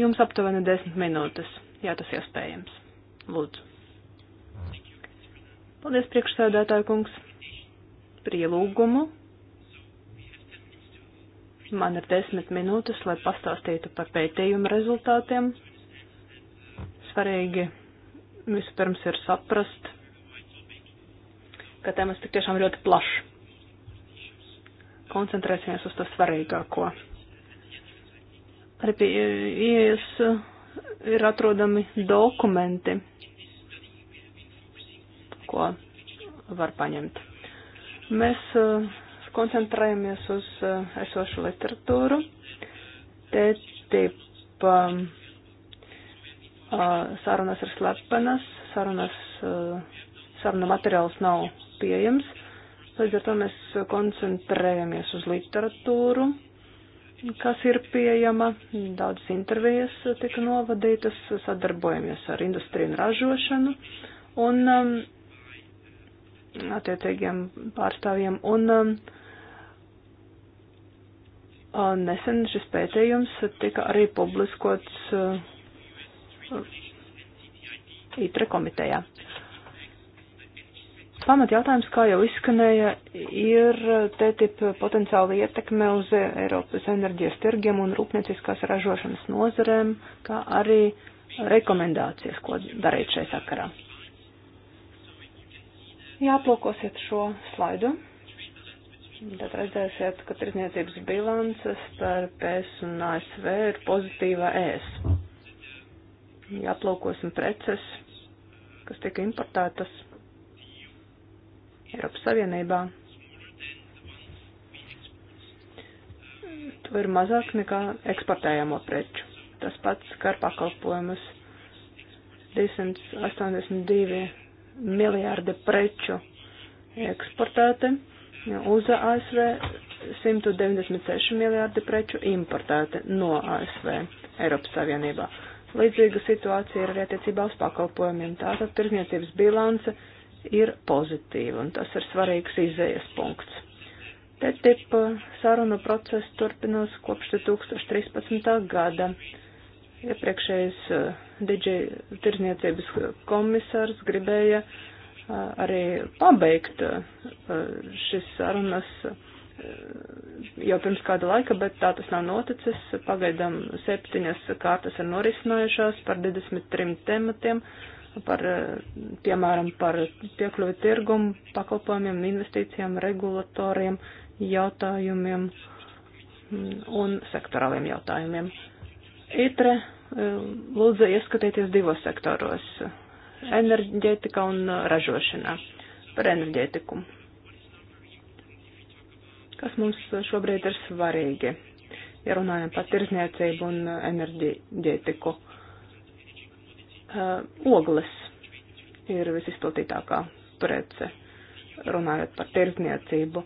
Jums aptuveni desmit minūtes, ja tas iespējams. Lūdzu. Paldies, priekšsēdētāju kungs, par ielūgumu Man ir desmit minūtes, lai pastāstītu par pētījumu rezultātiem. Svarīgi vispirms ir saprast, ka temats tik tiešām ļoti plašs. Koncentrēsimies uz to svarīgāko. Arī pie ieejas ir atrodami dokumenti, ko var paņemt. Mēs uh, koncentrējamies uz eh, esošu literatūru. TTIP um, eh, sarunas ir slepenas, sarunas, eh, saruna materiāls nav pieejams. Līdz ar to mēs koncentrējamies uz literatūru, kas ir pieejama, daudzas intervijas tika novadītas, sadarbojamies ar industriju un ražošanu un um, attiecīgiem pārstāvjiem. Un, um, Uh, nesen šis pētījums tika arī publiskots uh, ITRE komitejā. Pamat jautājums, kā jau izskanēja, ir TTIP potenciāli ietekme uz Eiropas enerģijas tirgiem un rūpnieciskās ražošanas nozarēm, kā arī rekomendācijas, ko darīt šai sakarā. Jāplūkosiet šo slaidu. Tad redzēsiet, ka tirzniecības bilances starp ES un ASV ir pozitīva ES. Ja aplūkosim preces, kas tika importētas Eiropas Savienībā, to ir mazāk nekā eksportējamo preču. Tas pats skar pakalpojumus 282 miljārdi preču eksportēti Uz ASV 196 miljārdi preču importēti no ASV Eiropas Savienībā. Līdzīga situācija ir arī attiecībā uz pakalpojumiem. Tātad tirzniecības bilance ir pozitīva, un tas ir svarīgs izējas punkts. TTIP uh, saruna process turpinās kopš 2013. gada. Iepriekšējais uh, diģi tirzniecības komisārs gribēja uh, arī pabeigt eh, šis sarunas eh, jau pirms kāda laika, bet tā tas nav noticis. Pagaidām septiņas kārtas ir norisinājušās par 23 tematiem, par, eh, piemēram, par piekļuvi tirgumu, pakalpojumiem, investīcijām, regulatoriem, jautājumiem mm, un sektorāliem jautājumiem. ITRE lūdza ieskatīties divos sektoros enerģētikā un uh, ražošanā. Par enerģētiku. Kas mums uh, šobrīd ir svarīgi, ja runājam par tirzniecību un uh, enerģētiku? Ogles ir visizplatītākā prece, runājot par tirzniecību.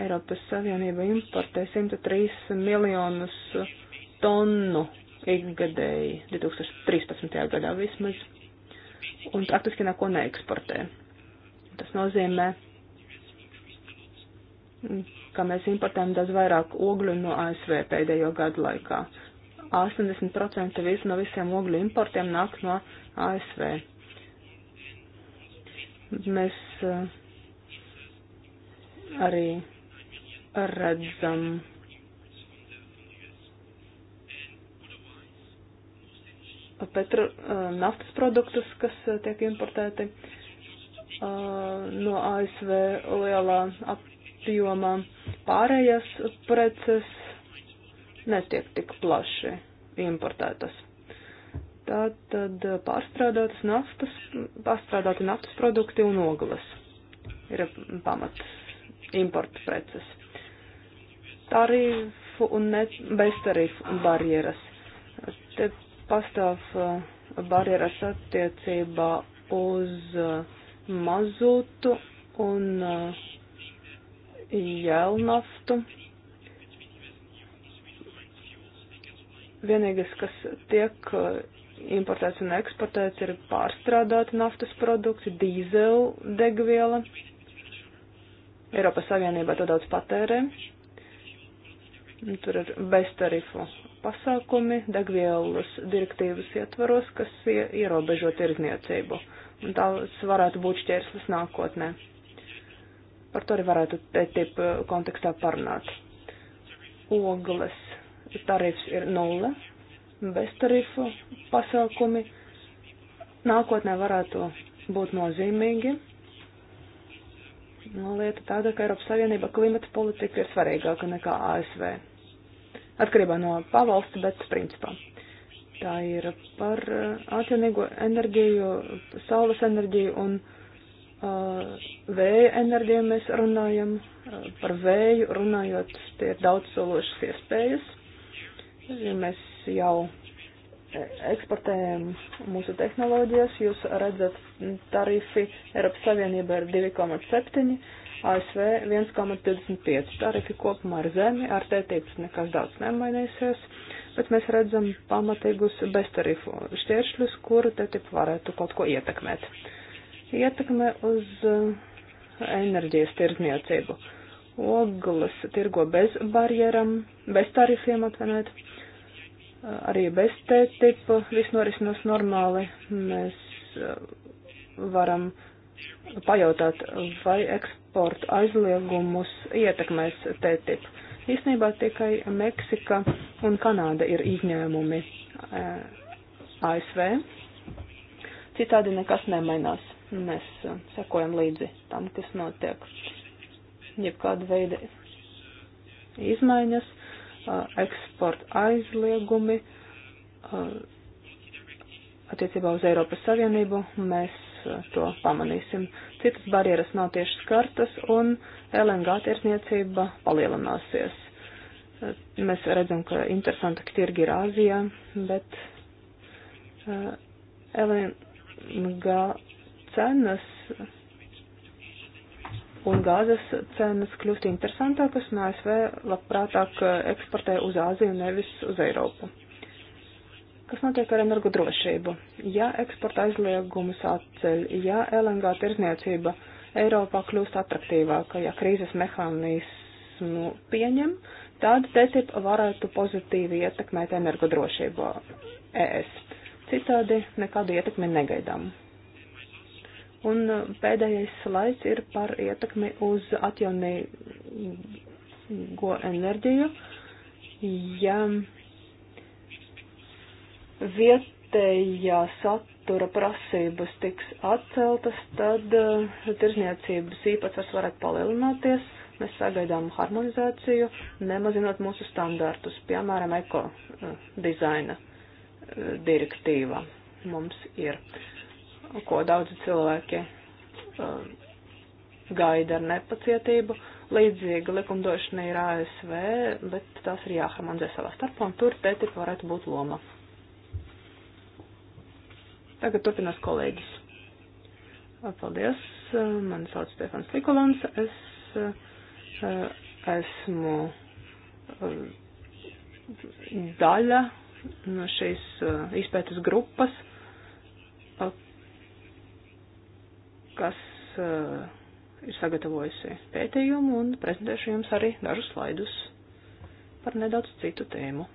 Eiropas Savienība importē 103 miljonus tonu ikgadēji 2013. gadā vismaz un praktiski neko neeksportē. Tas nozīmē, ka mēs importējam daudz vairāk ogļu no ASV pēdējo gadu laikā. 80% visu no visiem ogļu importiem nāk no ASV. Mēs eh, arī redzam petro, eh, naftas produktus, kas eh, tiek importēti eh, no ASV lielā apjomā. Pārējās preces netiek tik plaši importētas. Tātad pārstrādātas naftas, pārstrādāti naftas produkti un ogles ir pamats importa preces. Tarifu un ne, bez tarifu barjeras. Te pastāv eh, barjeras attiecībā uz eh, mazūtu un eh, jēlnaftu. Vienīgais, kas tiek importēts un eksportēts, ir pārstrādāta naftas produkti, dīzeldegviela. Eiropas Savienībā to daudz patērē. Tur ir beztarifu pasākumi degvielas direktīvas ietvaros, kas ierobežo tirdzniecību. Un tās varētu būt šķērslis nākotnē. Par to arī varētu TTIP eh, kontekstā parunāt. Ogles tarifs ir nulle, beztarifu pasākumi nākotnē varētu būt nozīmīgi. No lieta tāda, ka Eiropas Savienība klimata politika ir svarīgāka nekā ASV atkarībā no pavalsta, bet principā. Tā ir par uh, atjaunīgo enerģiju, saules enerģiju un uh, vēja enerģiju mēs runājam. Uh, par vēju runājot, tie ir daudz sološas iespējas. Ja mēs jau e, eksportējam mūsu tehnoloģijas, jūs redzat, tarifi Eiropas Savienībā ir 2,7 ASV 1,25 tarifi kopumā ir zemi, ar tētības nekas daudz nemainīsies, bet mēs redzam pamatīgus beztarifu šķēršļus, kuru tētību varētu kaut ko ietekmēt. Ietekme uz uh, enerģijas tirdzniecību. Ogles tirgo bez barjeram, bez tarifiem atvenēt uh, arī bez T tipa viss norisinās normāli. Mēs uh, varam pajautāt, vai eksporta aizliegumus ietekmēs TTIP. Īsnībā tikai Meksika un Kanāda ir izņēmumi e, ASV. Citādi nekas nemainās. Mēs sekojam līdzi tam, kas notiek. Jebkāda veida izmaiņas, e, eksporta aizliegumi e, attiecībā uz Eiropas Savienību mēs to pamanīsim. Citas barjeras nav tieši skartas un LNG tirsniecība palielināsies. Mēs redzam, ka interesanta tirgi ir Āzijā, bet eh, LNG cenas un gāzes cenas kļūst interesantākas un ASV labprātāk eh, eksportē uz Āziju nevis uz Eiropu. Kas notiek ar energodrošību? Ja eksporta aizliegumus atceļ, ja LNG tirzniecība Eiropā kļūst attraktīvāka, ja krīzes mehānismu pieņem, tad TTIP varētu pozitīvi ietekmēt energodrošību ES. Citādi nekādu ietekmi negaidām. Un pēdējais slaids ir par ietekmi uz atjaunīgo enerģiju. Ja vietējā satura prasības tiks atceltas, tad eh, tirzniecības īpatsvars varētu palielināties. Mēs sagaidām harmonizāciju, nemazinot mūsu standartus, piemēram, eko eh, dizaina eh, direktīva mums ir, ko daudzi cilvēki gaida ar nepacietību. Līdzīga likumdošana ir ASV, bet tās ir jāharmonizē savā starpā, un tur te tik varētu būt loma. Tagad turpinās kolēģis. Paldies, mani sauc Stefans Nikolons, es eh, esmu eh, daļa no šīs eh, izpētes grupas, kas ir sagatavojusi pētījumu un prezentēšu jums arī dažus slaidus par nedaudz citu tēmu.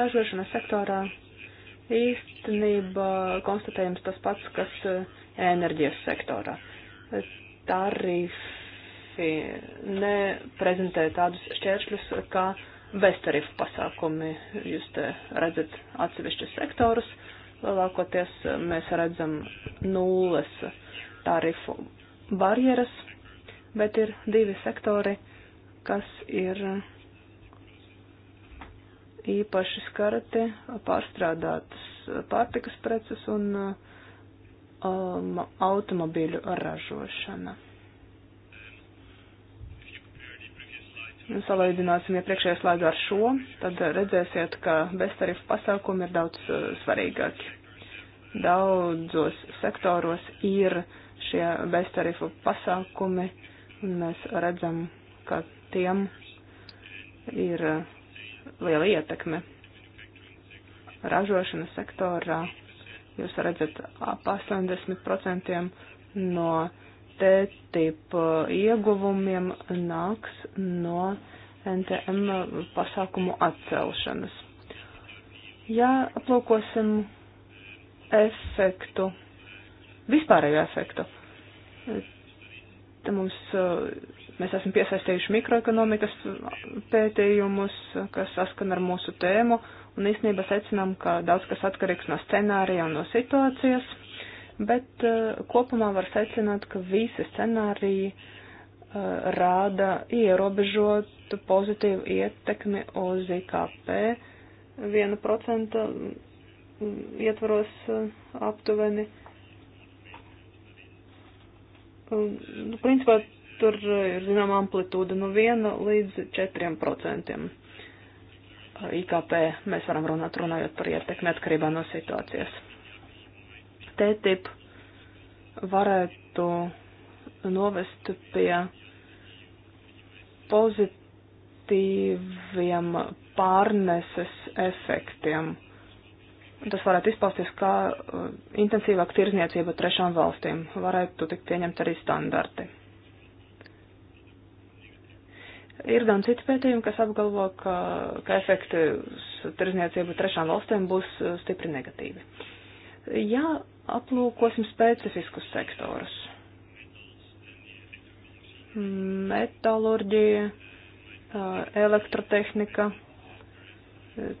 ražošanas sektorā īstenībā konstatējams tas pats, kas e, enerģijas sektorā. Tarifi neprezentē tādus šķēršļus, kā beztarifu pasākumi. Jūs te redzat atsevišķus sektorus, lielākoties e, mēs redzam nulles tarifu barjeras, bet ir divi sektori, kas ir īpaši skarti pārstrādātas pārtikas preces un um, automobīļu ražošana. Nu, salīdzināsim iepriekšējā ja slaidu ar šo, tad redzēsiet, ka beztarifu pasākumi ir daudz svarīgāki. Daudzos sektoros ir šie beztarifu pasākumi, un mēs redzam, ka tiem ir uh, liela ietekme ražošanas sektorā. Jūs redzat, ap 80% no TTIP ieguvumiem nāks no NTM pasākumu atcelšanas. Ja aplūkosim efektu, vispārējo efektu, te mums Mēs esam piesaistījuši mikroekonomikas pētījumus, kas saskan ar mūsu tēmu, un īstenībā secinām, ka daudz kas atkarīgs no scenārija un no situācijas, bet uh, kopumā var secināt, ka visi scenāriji uh, rāda ierobežotu pozitīvu ietekmi uz IKP 1% mm, ietvaros uh, aptuveni. Un, principā tur ir zinām amplitūda no 1 līdz 4% IKP. Mēs varam runāt, runājot par ietekmi atkarībā no situācijas. TTIP varētu novest pie pozitīviem pārneses efektiem. Tas varētu izpausties kā uh, intensīvāka tirzniecība trešām valstīm. Varētu tikt pieņemt arī standarti. Ir gan citi pētījumi, kas apgalvo, ka, ka efekti tirzniecību trešām valstīm būs uh, stipri negatīvi. Ja aplūkosim specifiskus sektorus, metalurģija, uh, elektrotehnika, uh,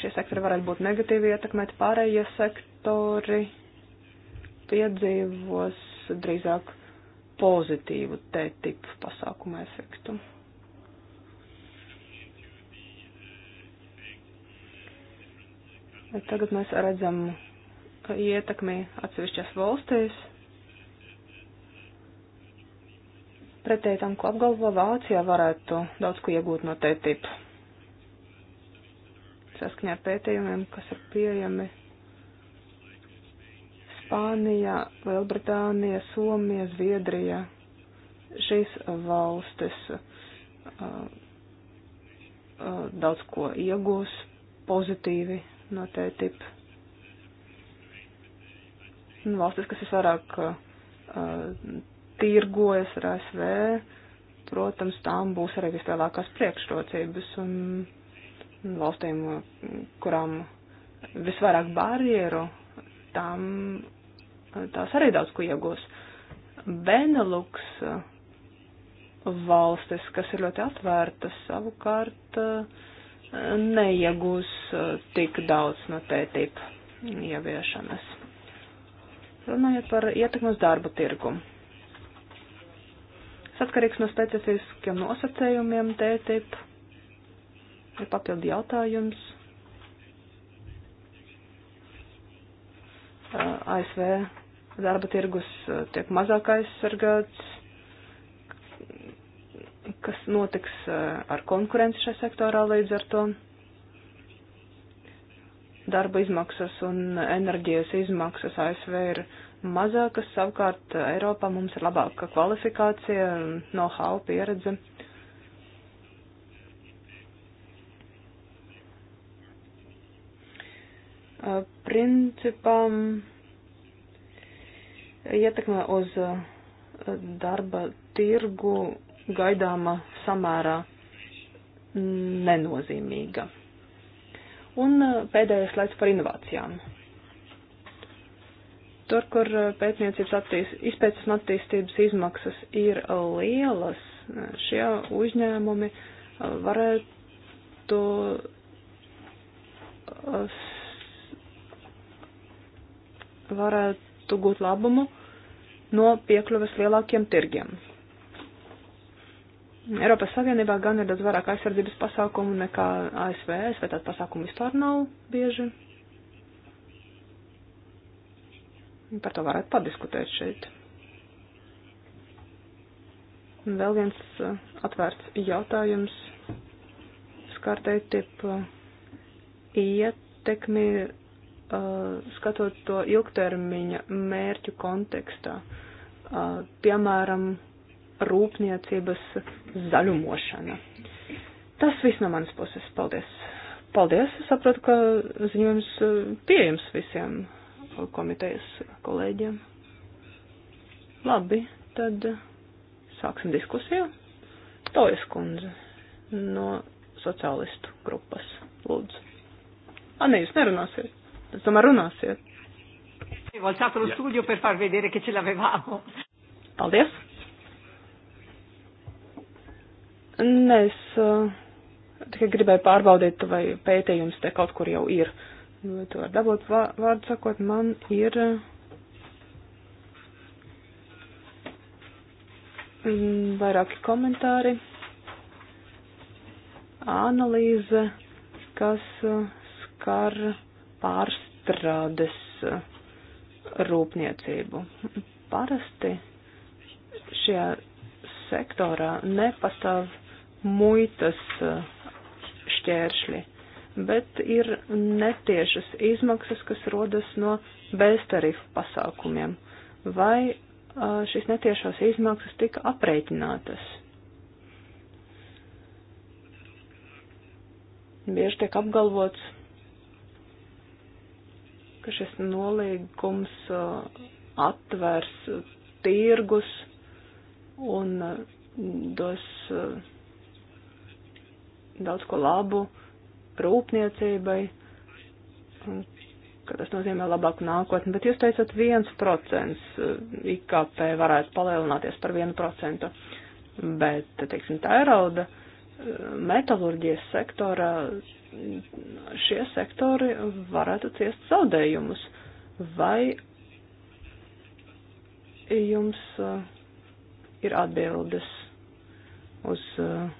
šie sektori varētu būt negatīvi ietekmēti, pārējie sektori piedzīvos drīzāk pozitīvu T-tipu te pasākuma efektu. Bet tagad mēs redzam ietekmi atsevišķās valstīs. Pretēji tam, ko apgalvo Vācijā, varētu daudz ko iegūt no T-tipu. Saskaņā ar pētījumiem, kas ir pieejami Spānija, Lielbritānija, Somija, Zviedrija, šīs valstis uh, uh, daudz ko iegūs pozitīvi no TTIP. Valstis, kas visvairāk uh, tirgojas ar ASV, protams, tām būs arī vislielākās priekšrocības un valstīm, kurām visvairāk barjeru, tām tās arī daudz ko iegūs. Beneluks uh, valstis, kas ir ļoti atvērtas, savukārt uh, neiegūs uh, tik daudz no tētīp ieviešanas. Runājot par ietekmu uz darba tirgu. Satkarīgs no specifiskiem nosacējumiem tētīp ir papildi jautājums. ASV darba tirgus eh, tiek mazāk aizsargāts, kas notiks eh, ar konkurenci šajā sektorā līdz ar to. Darba izmaksas un enerģijas izmaksas ASV ir mazākas, savukārt eh, Eiropā mums ir labāka kvalifikācija, know-how, pieredze. Principam ietekme uz eh, darba tirgu gaidāma samērā nenozīmīga. Un eh, pēdējais slaids par inovācijām. Tur, kur eh, pētniecības attīst, izpētes un attīstības izmaksas ir lielas, šie uzņēmumi varētu varētu varētu gūt labumu no piekļuves lielākiem tirgiem. Eiropas Savienībā gan ir daudz vairāk aizsardzības pasākumu nekā ASV, vai tādu pasākumu vispār nav bieži. Par to varētu padiskutēt šeit. Un vēl viens eh, atvērts jautājums skārtēja tip eh, ietekmi Uh, skatot to ilgtermiņa mērķu kontekstā, uh, piemēram, rūpniecības zaļumošana. Tas viss no manas puses. Paldies! Paldies! Es saprotu, ka ziņojums uh, pieejams visiem komitejas kolēģiem. Labi, tad sāksim diskusiju. Tojas kundze no sociālistu grupas. Lūdzu. Anne, jūs nerunāsiet? Es domāju, runāsiet.
Voltato lo studio per far vedere che ce l'avevamo.
Paldies. Nē, es uh, tikai gribēju pārbaudīt, vai pētījums te kaut kur jau ir. Nu, vai tu vari dabūt vārdu sakot, man ir. Mm, vairāki komentāri. Analīze, kas uh, skar. Uh, pārstrādes eh, rūpniecību. Parasti šajā sektorā nepastāv muitas eh, šķēršļi, bet ir netiešas izmaksas, kas rodas no beztarifu pasākumiem. Vai eh, šīs netiešās izmaksas tika aprēķinātas? Bieži tiek apgalvots, ka šis nolīgums uh, atvērs uh, tirgus un uh, dos daudz ko labu rūpniecībai, ka tas nozīmē labāku nākotni. Bet jūs teicat, 1% IKP varētu palielināties par 1%, bet, teiksim, tā ir rauda metalurģijas sektora šie sektori varētu ciest zaudējumus. Vai jums uh, ir atbildes uz uh,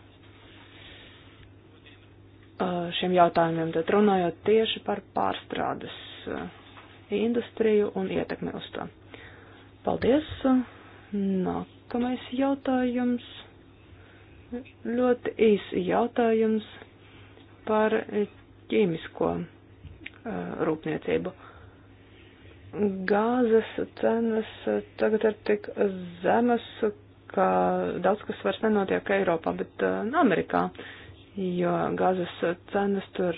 uh, šiem jautājumiem, tad runājot tieši par pārstrādes uh, industriju un ietekmi uz to. Paldies! Nākamais jautājums. Ļoti īsi jautājums par ķīmisko eh, rūpniecību. Gāzes cenas tagad ir tik zemes, ka daudz kas vairs nenotiek Eiropā, bet eh, Amerikā, jo gāzes cenas tur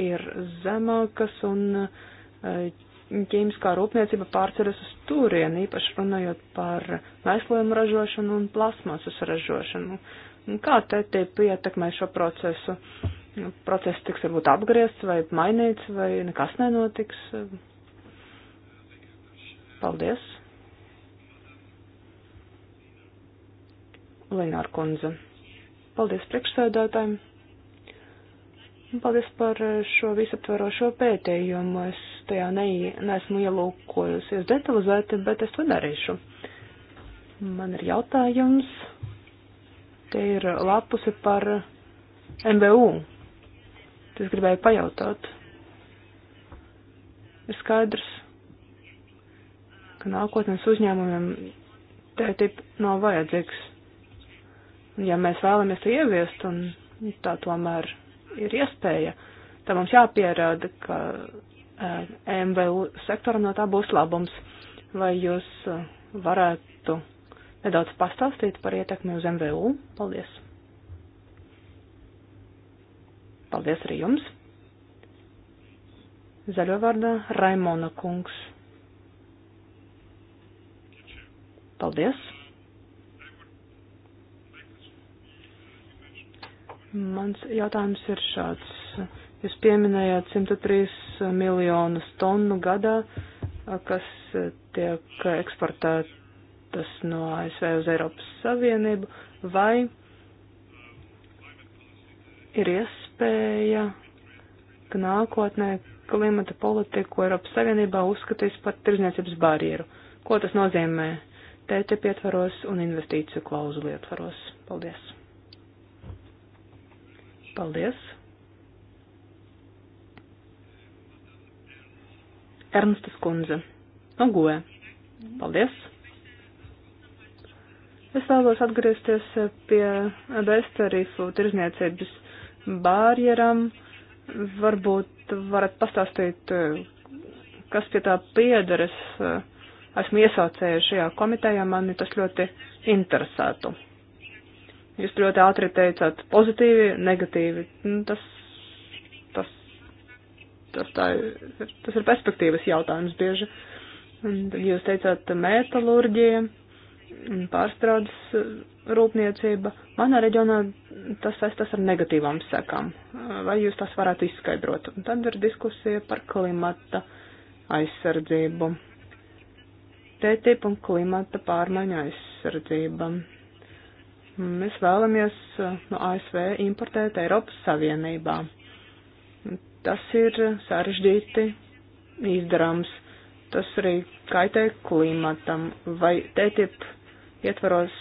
ir zemākas un eh, ķīmiskā rūpniecība pārceļas uz turieni, īpaši runājot par mēslojumu ražošanu un plasmasas ražošanu. Kā te tie ietekmē šo procesu? Uh, Nu, process tiks varbūt apgriezts vai mainīts vai nekas nenotiks. Paldies. Lenāra kundze. Paldies priekšsēdētājiem. Paldies par šo visaptvarošo pētījumu. Es tajā ne, neesmu ielūkojusies detalizēti, bet es to darīšu. Man ir jautājums. Te ir lapusi par MVU Es gribēju pajautāt. Ir skaidrs, ka nākotnes uzņēmumiem tētip nav vajadzīgs. Ja mēs vēlamies to ieviest, un tā tomēr ir iespēja, tad mums jāpierāda, ka eh, MVU sektoram no tā būs labums. Vai jūs eh, varētu nedaudz pastāstīt par ietekmi uz MVU? Paldies! Paldies arī jums. Zaļo vārdā Raimona kungs. Paldies. Mans jautājums ir šāds. Jūs pieminējāt 103 miljonus tonu gadā, kas tiek eksportētas no ASV uz Eiropas Savienību, vai ir ies iespēja, ka nākotnē klimata politiku Eiropas Savienībā uzskatīs par tirzniecības barjeru. Ko tas nozīmē? TTIP ietvaros un investīciju klauzuli ietvaros. Paldies. Paldies. Ernstas kundze. No goja. Paldies. Es vēlos atgriezties pie beztarifu tirzniecības barjeram. Varbūt varat pastāstīt, kas pie tā piederas. Esmu iesaucēja šajā komitejā, mani tas ļoti interesētu. Jūs ļoti ātri teicāt pozitīvi, negatīvi. Nu, tas, tas, tas, tā, ir, tas ir perspektīvas jautājums bieži. Jūs teicāt metalurģija pārstrādes eh, rūpniecība. Manā reģionā tas saistās ar negatīvām sekām. Eh, vai jūs tas varētu izskaidrot? Un tad ir diskusija par klimata aizsardzību. TTIP un klimata pārmaiņa aizsardzība. Mēs vēlamies eh, no ASV importēt Eiropas Savienībā. Tas ir sarežģīti izdarāms. Tas arī kaitē klimatam. Vai TTIP ietvaros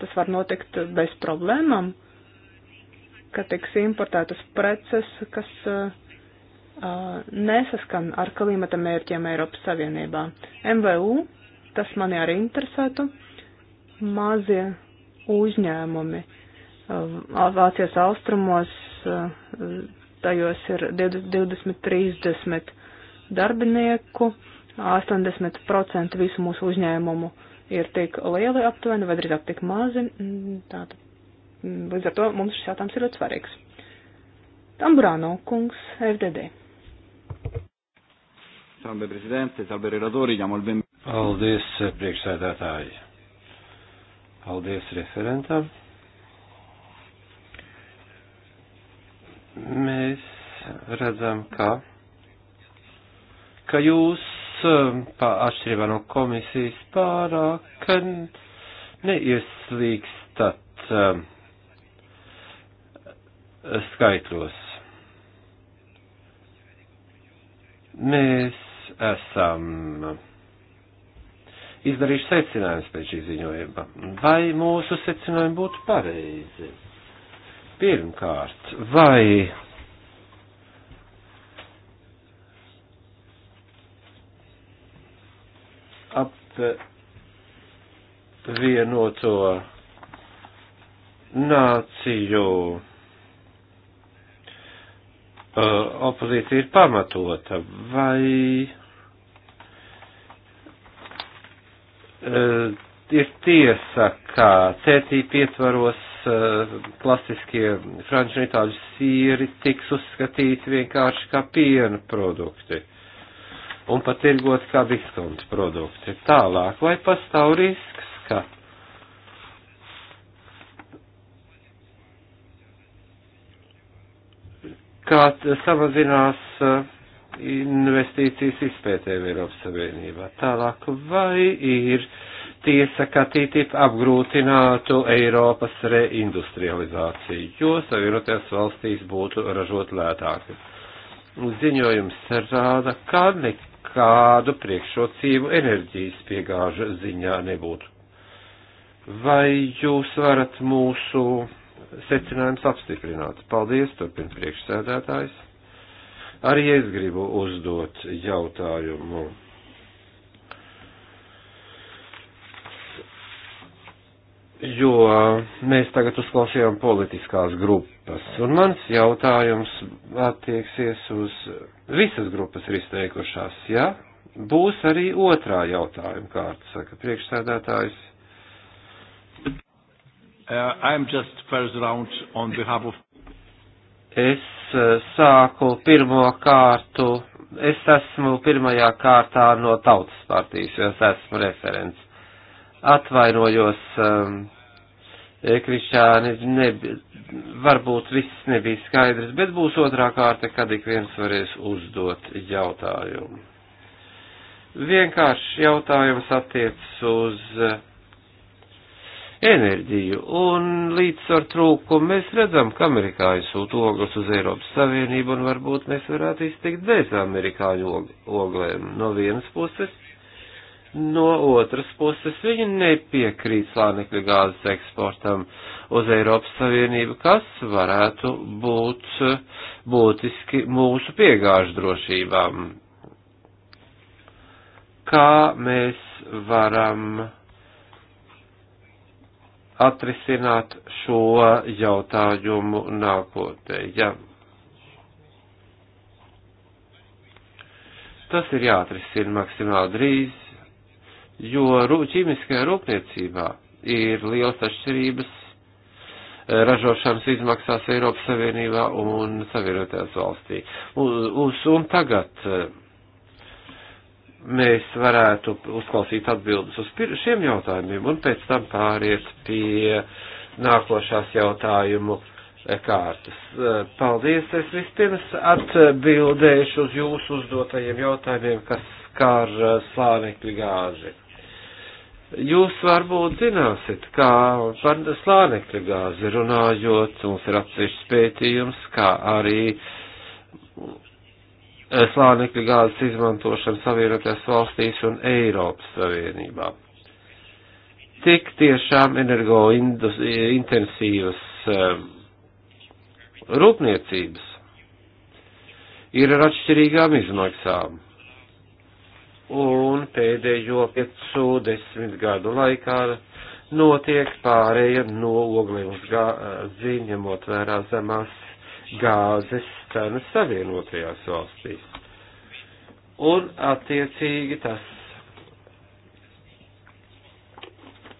tas var notikt bez problēmām, ka tiks importētas preces, kas uh, nesaskan ar klimata mērķiem Eiropas Savienībā. MVU, tas mani arī interesētu, mazie uzņēmumi. Uh, Vācijas austrumos uh, tajos ir 20-30 darbinieku, 80% visu mūsu uzņēmumu uh, ir tik lieli aptuveni, vai drīzāk tik mazi. Mm, tātad, mm, līdz ar to mums šis jautājums ir ļoti svarīgs. Tamburāno kungs, FDD.
Salve, prezidente, salve, relatori, ņemot bien. Paldies, priekšsēdētāji. Paldies, referentam. Mēs redzam, ka, ka jūs atšķirībā no komisijas, pārāk neieslīkstat um, skaitļos. Mēs esam izdarījuši secinājumus pēc šī ziņojuma. Vai mūsu secinājumi būtu pareizi? Pirmkārt, vai vienoto nāciju uh, opozīcija ir pamatota, vai uh, ir tiesa, ka TTIP ietvaros uh, klasiskie franču un itāļu sīri tiks uzskatīti vienkārši kā piena produkti un pat tirgot kā diskontu produkti. Tālāk, vai pastāv risks, ka kā samazinās uh, investīcijas izpētēm Eiropas Savienībā. Tālāk, vai ir tiesa, ka TTIP apgrūtinātu Eiropas reindustrializāciju, jo Savienotajās valstīs būtu ražot lētāk? Ziņojums rāda, ka nekā nekādu priekšrocību enerģijas piegāžu ziņā nebūtu. Vai jūs varat mūsu secinājums apstiprināt? Paldies, turpin priekšsēdētājs. Arī es gribu uzdot jautājumu jo mēs tagad uzklausījām politiskās grupas, un mans jautājums attieksies uz visas grupas ir izteikušās, jā? Ja? Būs arī otrā jautājuma kārta, saka priekšsēdētājs. Uh, of... Es uh, sāku pirmo kārtu, es esmu pirmajā kārtā no tautas partijas, jo es esmu referents Atvainojos, um, Krišāni, ne, varbūt viss nebija skaidrs, bet būs otrā kārta, kad ik viens varēs uzdot jautājumu. Vienkārši jautājums attiecas uz uh, enerģiju, un līdz ar trūkumu mēs redzam, ka amerikāņi sūta ogles uz Eiropas Savienību, un varbūt mēs varētu iztikt bez amerikāņu og oglēm no vienas puses No otras puses, viņi nepiekrīt slānekļa gāzes eksportam uz Eiropas Savienību, kas varētu būt eh, būtiski mūsu piegāžu drošībām. Kā mēs varam atrisināt šo jautājumu nākotnē? Ja tas ir jāatrisina maksimāli drīz jo ķīmiskajā rūpniecībā ir liels atšķirības eh, ražošanas izmaksās Eiropas Savienībā un Savienotajās valstī. Uz un tagad eh, mēs varētu uzklausīt atbildes uz šiem jautājumiem un pēc tam pāriet pie nākošās jautājumu eh, kārtas. Paldies, es vispirms atbildēšu uz jūsu uzdotajiem jautājumiem, kas skar slānekļa gāzi. Jūs varbūt zināsiet, kā par slānekļa gāzi runājot, mums ir atsevišķs pētījums, kā arī slānekļa gāzes izmantošana Savienotajās valstīs un Eiropas Savienībā. Tik tiešām energointensīvas um, rūpniecības ir ar atšķirīgām izmaksām un pēdējo 50 gadu laikā notiek pārēja no ogliem uz gāzi, ņemot vērā zemās gāzes cenas savienotajās valstīs. Un attiecīgi tas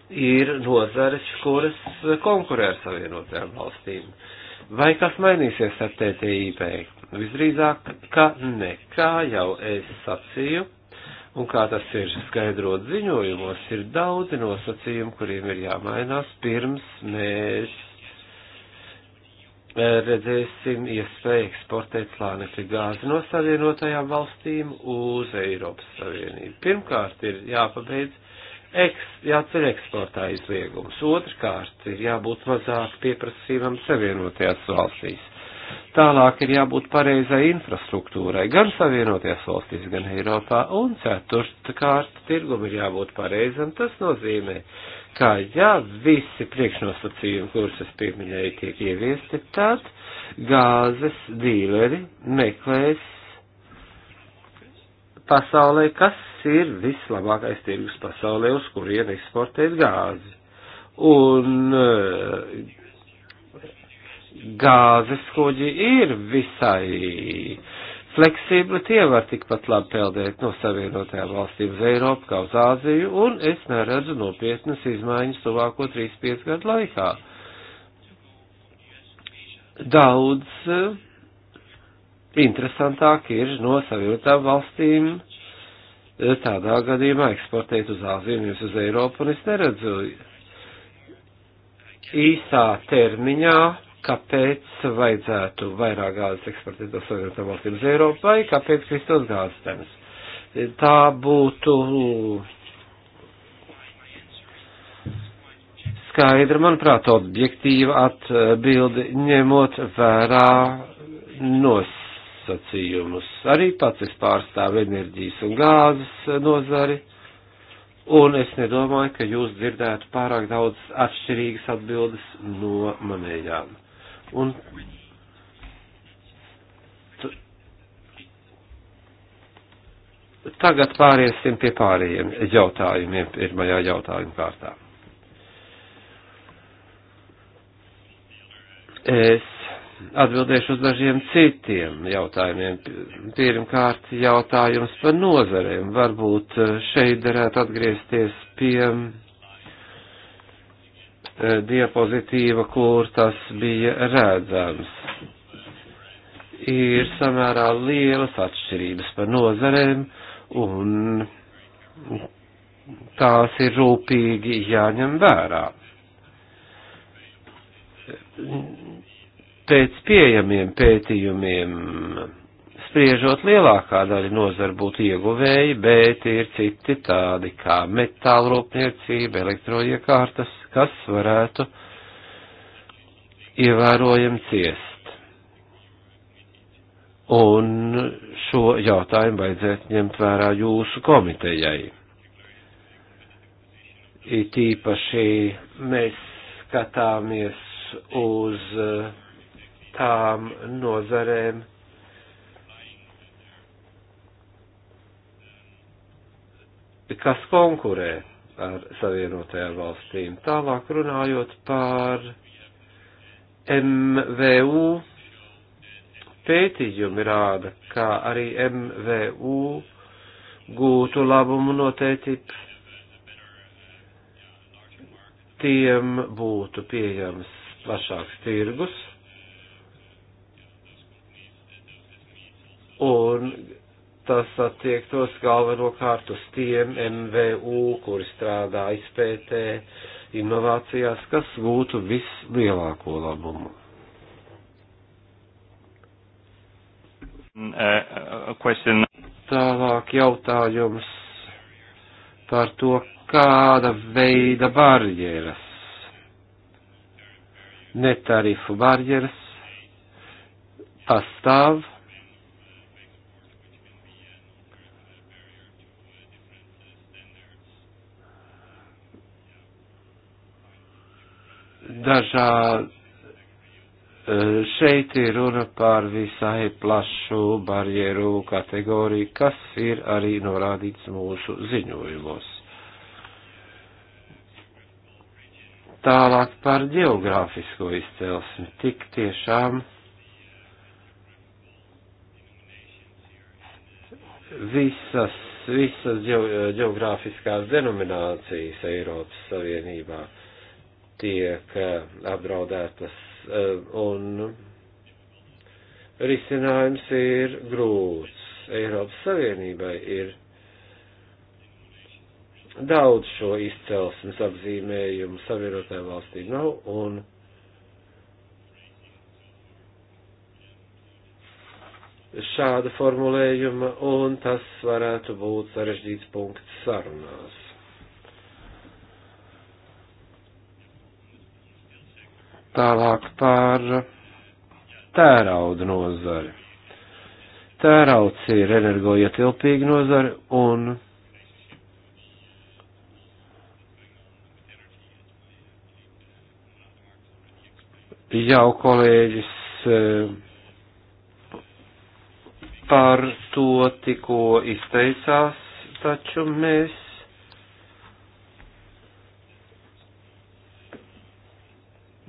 ir nozares, kuras konkurē ar savienotajām valstīm. Vai kas mainīsies ar TTIP? Visdrīzāk, ka ne, kā jau es sacīju Un kā tas ir skaidrot ziņojumos, ir daudzi nosacījumi, kuriem ir jāmainās pirms mēs eh, redzēsim iespēju eksportēt slānekļa gāzi no savienotajām valstīm uz Eiropas Savienību. Pirmkārt ir jāpabeidz, eks, jāceļ eksportā aizliegums. Otrkārt ir jābūt mazāk pieprasījumam savienotajās valstīs. Tālāk ir jābūt pareizai infrastruktūrai gan savienoties valstīs, gan Eiropā. Un ceturtkārt, tirgum ir jābūt pareizam. Tas nozīmē, ka ja visi priekšnosacījumi, kurus es pieminēju, tiek ieviesti, tad gāzes dīleri meklēs pasaulē, kas ir vislabākais tirgus pasaulē, uz kurien eksportēt gāzi. Un uh, gāzes kuģi ir visai fleksibli, tie var tikpat labi peldēt no savienotajām valstīm uz Eiropu kā uz Āziju, un es neredzu nopietnas izmaiņas tuvāko 3-5 gadu laikā. Daudz eh, interesantāk ir no savienotām valstīm eh, tādā gadījumā eksportēt uz Āziju, nevis uz Eiropu, un es neredzu īsā termiņā kāpēc vajadzētu vairāk gāzes eksportēt no Savienotām valstīm uz Eiropu vai kāpēc kristot gāzes cenas. Tā būtu skaidra, manuprāt, objektīva atbildi, ņemot vērā nosacījumus. Arī pats es pārstāvu enerģijas un gāzes nozari, un es nedomāju, ka jūs dzirdētu pārāk daudz atšķirīgas atbildes no manējām. Un tagad pāriesim pie pārējiem jautājumiem pirmajā jautājuma kārtā. Es atbildēšu uz dažiem citiem jautājumiem. Pirmkārt, jautājums par nozarēm. Varbūt šeit darētu atgriezties pie Eh, diapozitīva, kur tas bija redzams. Ir samērā lielas atšķirības par nozarēm un tās ir rūpīgi jāņem vērā. Pēc pieejamiem pētījumiem spriežot lielākā daļa nozara būtu ieguvēji, bet ir citi tādi kā metālrūpniecība, elektroiekārtas, kas varētu ievērojami ciest. Un šo jautājumu vajadzētu ņemt vērā jūsu komitejai. It īpaši mēs skatāmies uz eh, tām nozarēm, kas konkurē ar savienotajām valstīm. Tālāk runājot par MVU, pētījumi rāda, ka arī MVU gūtu labumu no tētip, tiem būtu pieejams plašāks tirgus, un tas attiektos galvenokārt uz tiem MVU, kuri strādā izpētē, inovācijās, kas gūtu vislielāko labumu. Uh, question. Tālāk jautājums par to, kāda veida barjeras, netarifu barjeras pastāv dažādi e, šeit ir runa par visai plašu barjeru kategoriju, kas ir arī norādīts mūsu ziņojumos. Tālāk par geogrāfisko izcelsmi tik tiešām visas, visas e, geogrāfiskās denominācijas Eiropas Savienībā. Uh, tiek eh, apdraudētas, eh, un risinājums ir grūts. Eiropas Savienībai ir daudz šo izcelsmes apzīmējumu savienotāju valstī nav, un šāda formulējuma, un tas varētu būt sarežģīts punkts sarunās. Tālāk par tērauda nozari. Tērauds ir energoietilpīga nozari un jau kolēģis eh, par to tikko izteicās, taču mēs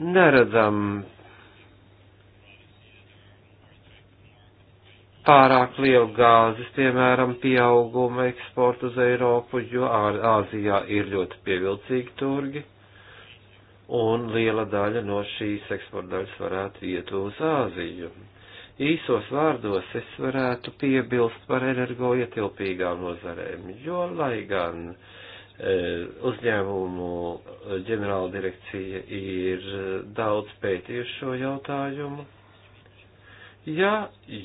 neredzam pārāk lielu gāzes, piemēram, pieauguma eksportu uz Eiropu, jo Āzijā ir ļoti pievilcīgi turgi, un liela daļa no šīs eksporta daļas varētu iet uz Āziju. Īsos vārdos es varētu piebilst par energo ietilpīgām nozarēm, jo lai gan uh, E, uzņēmumu ģenerāla direkcija ir daudz pētījuši šo jautājumu. Ja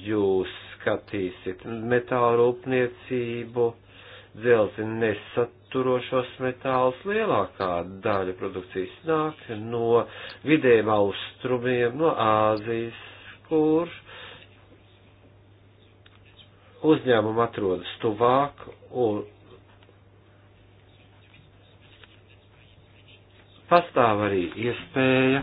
jūs skatīsiet metālu rūpniecību, dzelzini nesaturošos metālus, lielākā daļa produkcijas nāk no vidiem austrumiem, no Āzijas, kur uzņēmumi atrodas tuvāk un pastāv arī iespēja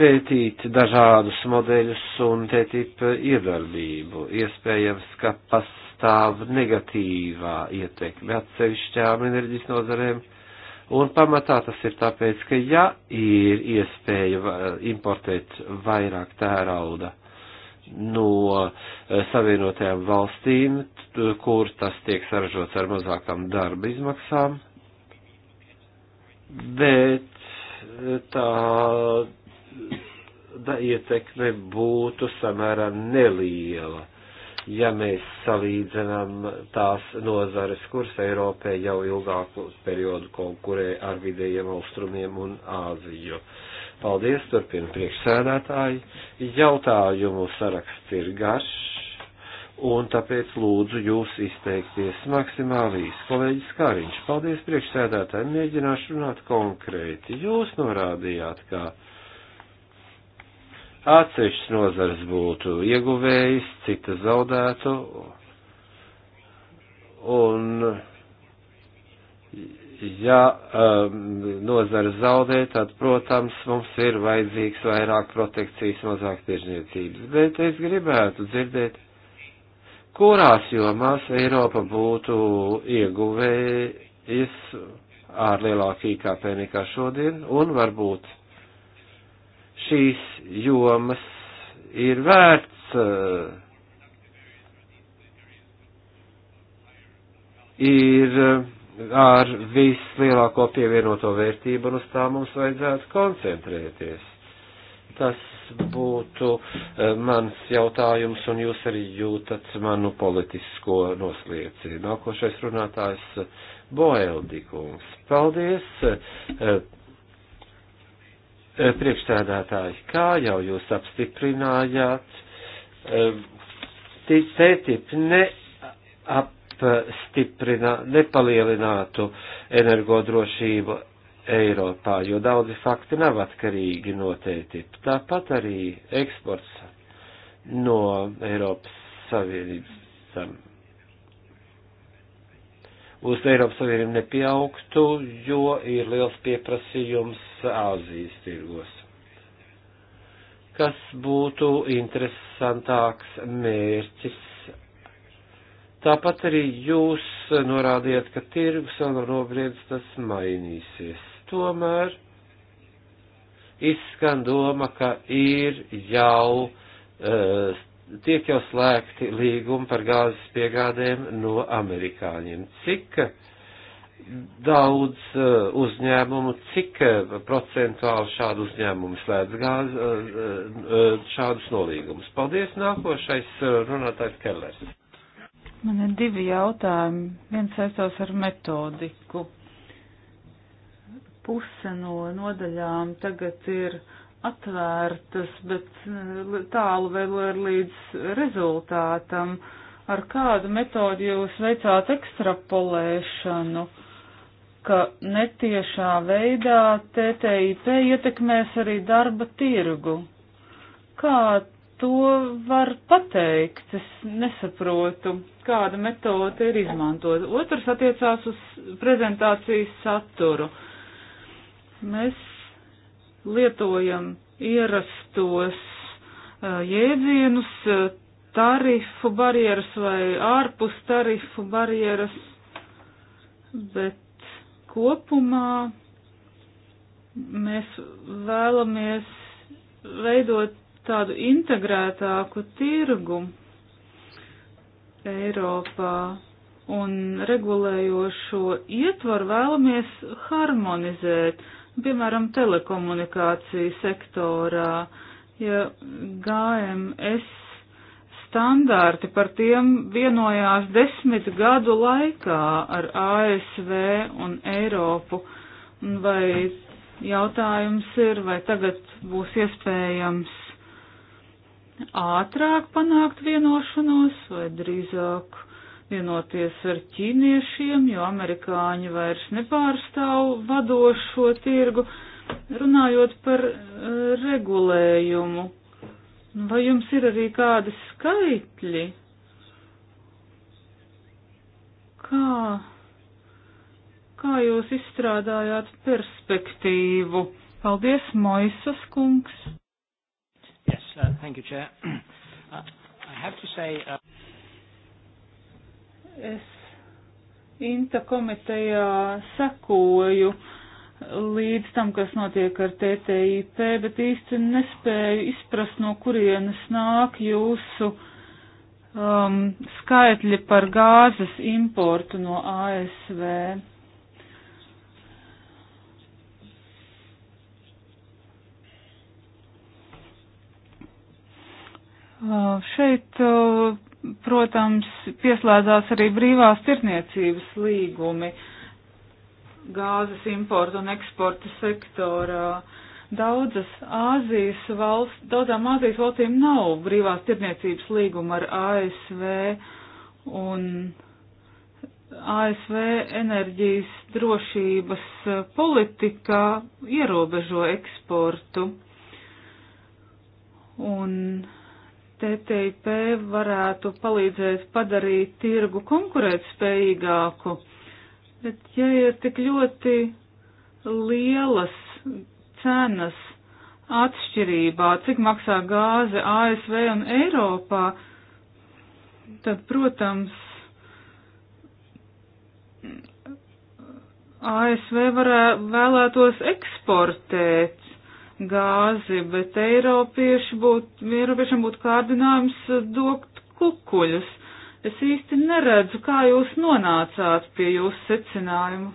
pētīt dažādus modeļus un tētīt iedarbību. Iespējams, ka pastāv negatīvā ietekme atsevišķām enerģijas nozarēm, un pamatā tas ir tāpēc, ka ja ir iespēja importēt vairāk tērauda no eh, savienotajām valstīm, kur tas tiek saražots ar mazākām darba izmaksām, bet eh, tā da, ietekme būtu samērā neliela, ja mēs salīdzinām tās nozares, kuras Eiropē jau ilgāku periodu konkurē ar vidējiem austrumiem un Āziju. Uh, Paldies, turpina priekšsēdētāji. Jautājumu saraksts ir garš, un tāpēc lūdzu jūs izteikties maksimāli īsi. Kolēģis Kariņš, paldies priekšsēdētāji, mēģināšu runāt konkrēti. Jūs norādījāt, ka atsevišķas nozars būtu ieguvējis, cita zaudētu, un ja um, nozara zaudē, tad, protams, mums ir vajadzīgs vairāk protekcijas, mazāk tirzniecības. Bet es gribētu dzirdēt, kurās jomās Eiropa būtu ieguvējis ar lielāku IKP nekā šodien, un varbūt šīs jomas ir vērts uh, ir uh, ar vislielāko pievienoto vērtību, un uz tā mums vajadzētu koncentrēties. Tas būtu mans jautājums, un jūs arī jūtat manu politisko noslieci. Nākošais runātājs Boeldikungs. Paldies! Priekšsēdētāji, kā jau jūs apstiprinājāt, ticētip ne ap nepastiprina, nepalielinātu energodrošību Eiropā, jo daudzi fakti nav atkarīgi no tētip. Tāpat arī eksports no Eiropas Savienības uz Eiropas Savienību nepieaugtu, jo ir liels pieprasījums Āzijas tirgos. Kas būtu interesantāks mērķis Tāpat arī jūs norādījāt, ka tirgus vēl nav nobriedis, tas mainīsies. Tomēr izskan doma, ka ir jau, uh, tiek jau slēgti līgumi par gāzes piegādēm no amerikāņiem. Cik daudz uh, uzņēmumu, cik uh, procentuāli šādu uzņēmumu slēdz gāzi, šādus nolīgumus? Paldies, nākošais runātājs Kellers.
Man ir divi jautājumi. Viens saistās ar metodiku. Puse no nodaļām tagad ir atvērtas, bet mm, tālu vēl ir līdz rezultātam. Ar kādu metodu jūs veicāt ekstrapolēšanu, ka netiešā veidā TTIP ietekmēs arī darba tirgu? Kā to var pateikt. Es nesaprotu, kāda metode ir izmantota. Otrs attiecās uz prezentācijas saturu. Mēs lietojam ierastos uh, jēdzienus, uh, tarifu barjeras vai ārpus tarifu barjeras, bet kopumā mēs vēlamies veidot tādu integrētāku tirgu Eiropā un regulējošo ietvaru vēlamies harmonizēt, piemēram, telekomunikāciju sektorā, ja GMS standārti par tiem vienojās desmit gadu laikā ar ASV un Eiropu, vai jautājums ir, vai tagad būs iespējams ātrāk panākt vienošanos vai drīzāk vienoties ar ķīniešiem, jo amerikāņi vairs nepārstāv vadošo tirgu. Runājot par uh, regulējumu, vai jums ir arī kādi skaitļi? Kā, kā jūs izstrādājāt perspektīvu? Paldies, Moisas kungs!
Yes, uh, thank you, Chair. Uh, I have to say. Uh... Es
Inta komitejā sekoju līdz tam, kas notiek ar TTIP, bet īsti nespēju izprast, no kurienes nāk jūsu um, skaitļi par gāzes importu no ASV. Uh, šeit, uh, protams, pieslēdzās arī brīvās tirniecības līgumi gāzes importu un eksporta sektorā. Daudzas Āzijas valsts, daudzām Āzijas valstīm nav brīvās tirniecības līguma ar ASV un ASV enerģijas drošības uh, politikā ierobežo eksportu. Un TTIP varētu palīdzēt padarīt tirgu konkurētspējīgāku, bet ja ir tik ļoti lielas cenas atšķirībā, cik maksā gāze ASV un Eiropā, tad, protams, ASV varē, vēlētos eksportēt gāzi, bet Eiropieši būtu, Eiropiešiem būtu kārdinājums dokt kukuļus. Es īsti neredzu, kā jūs nonācāt pie jūsu secinājumu.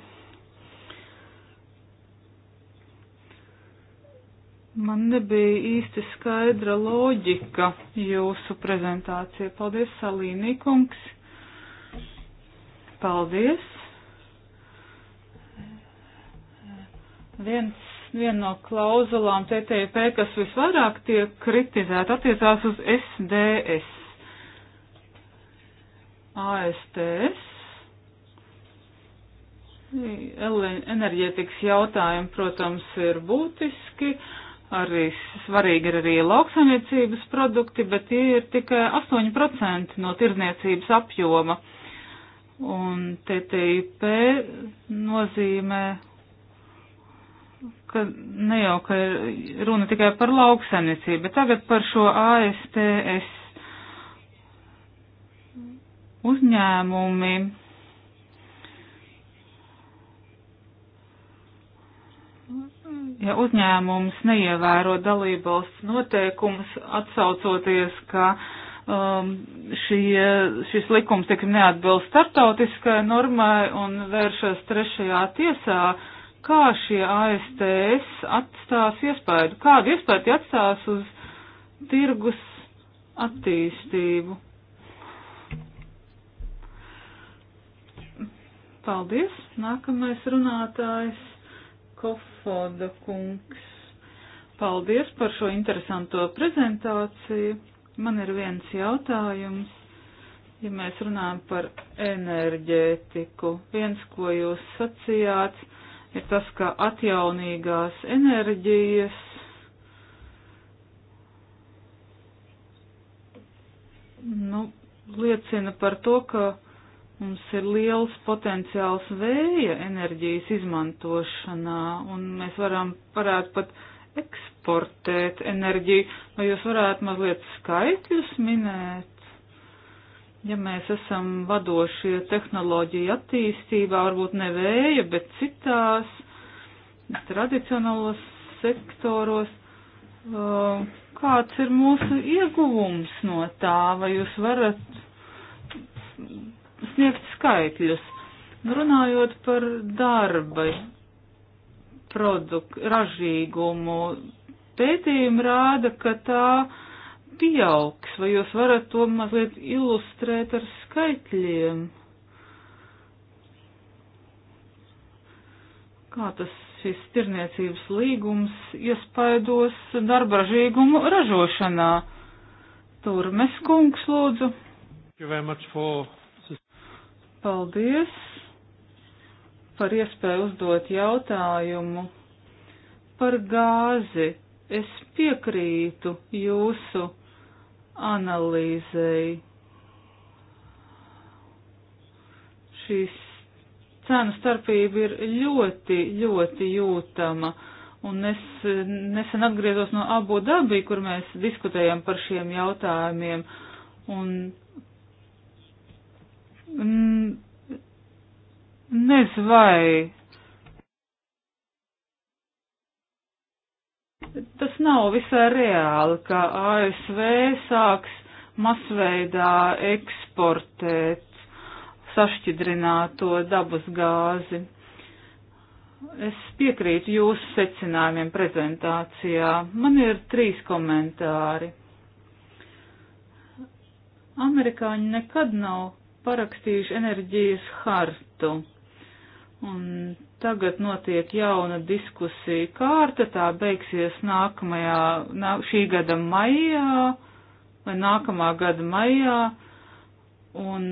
Man nebija īsti skaidra loģika jūsu prezentācija. Paldies, Salīnī kungs. Paldies. Viens Viena no klauzulām TTIP, kas visvairāk tiek kritizēta, attiecās uz SDS. ASTS enerģētikas jautājumi, protams, ir būtiski, arī svarīgi ir arī lauksaimniecības produkti, bet tie ir tikai 8% no tirzniecības apjoma. Un TTIP nozīmē ka ne jau, ka ir runa tikai par lauksaimniecību, bet tagad par šo ASTS uzņēmumi. Ja uzņēmums neievēro dalībvalsts noteikumus, atsaucoties, ka um, šī, šis likums tik neatbilst startautiskai normai un vēršas trešajā tiesā, uh, Kā šie ASTS atstās iespēju, kādu iespēju tie atstās uz tirgus attīstību? Paldies. Nākamais runātājs Kofoda kungs. Paldies par šo interesanto prezentāciju. Man ir viens jautājums. Ja mēs runājam par enerģētiku, viens, ko jūs sacījāt, ir tas, ka atjaunīgās enerģijas nu, liecina par to, ka mums ir liels potenciāls vēja enerģijas izmantošanā, un mēs varam varētu pat eksportēt enerģiju. Vai jūs varētu mazliet skaitļus minēt? ja mēs esam vadošie tehnoloģiju attīstībā, varbūt ne vēja, bet citās tradicionālos sektoros, uh, kāds ir mūsu ieguvums no tā, vai jūs varat sniegt skaitļus? Nu, runājot par darba produktu ražīgumu, pētījumi rāda, ka tā pieaugs, vai jūs varat to mazliet ilustrēt ar skaitļiem? Kā tas šis tirniecības līgums iespaidos darbražīgumu ražošanā? Turmes kungs, lūdzu. Paldies par iespēju uzdot jautājumu par gāzi. Es piekrītu jūsu analīzei. Šīs cenu starpība ir ļoti, ļoti jūtama. Un es nesen atgriezos no Abu Dabī, kur mēs diskutējam par šiem jautājumiem. Un, mm, nezvai tas nav visai reāli, ka ASV sāks masveidā eksportēt sašķidrināto dabas gāzi. Es piekrītu jūsu secinājumiem prezentācijā. Man ir trīs komentāri. Amerikāņi nekad nav parakstījuši enerģijas hartu, un tagad notiek jauna diskusija kārta, tā beigsies nākamajā, nā, šī gada maijā vai nākamā gada maijā. Un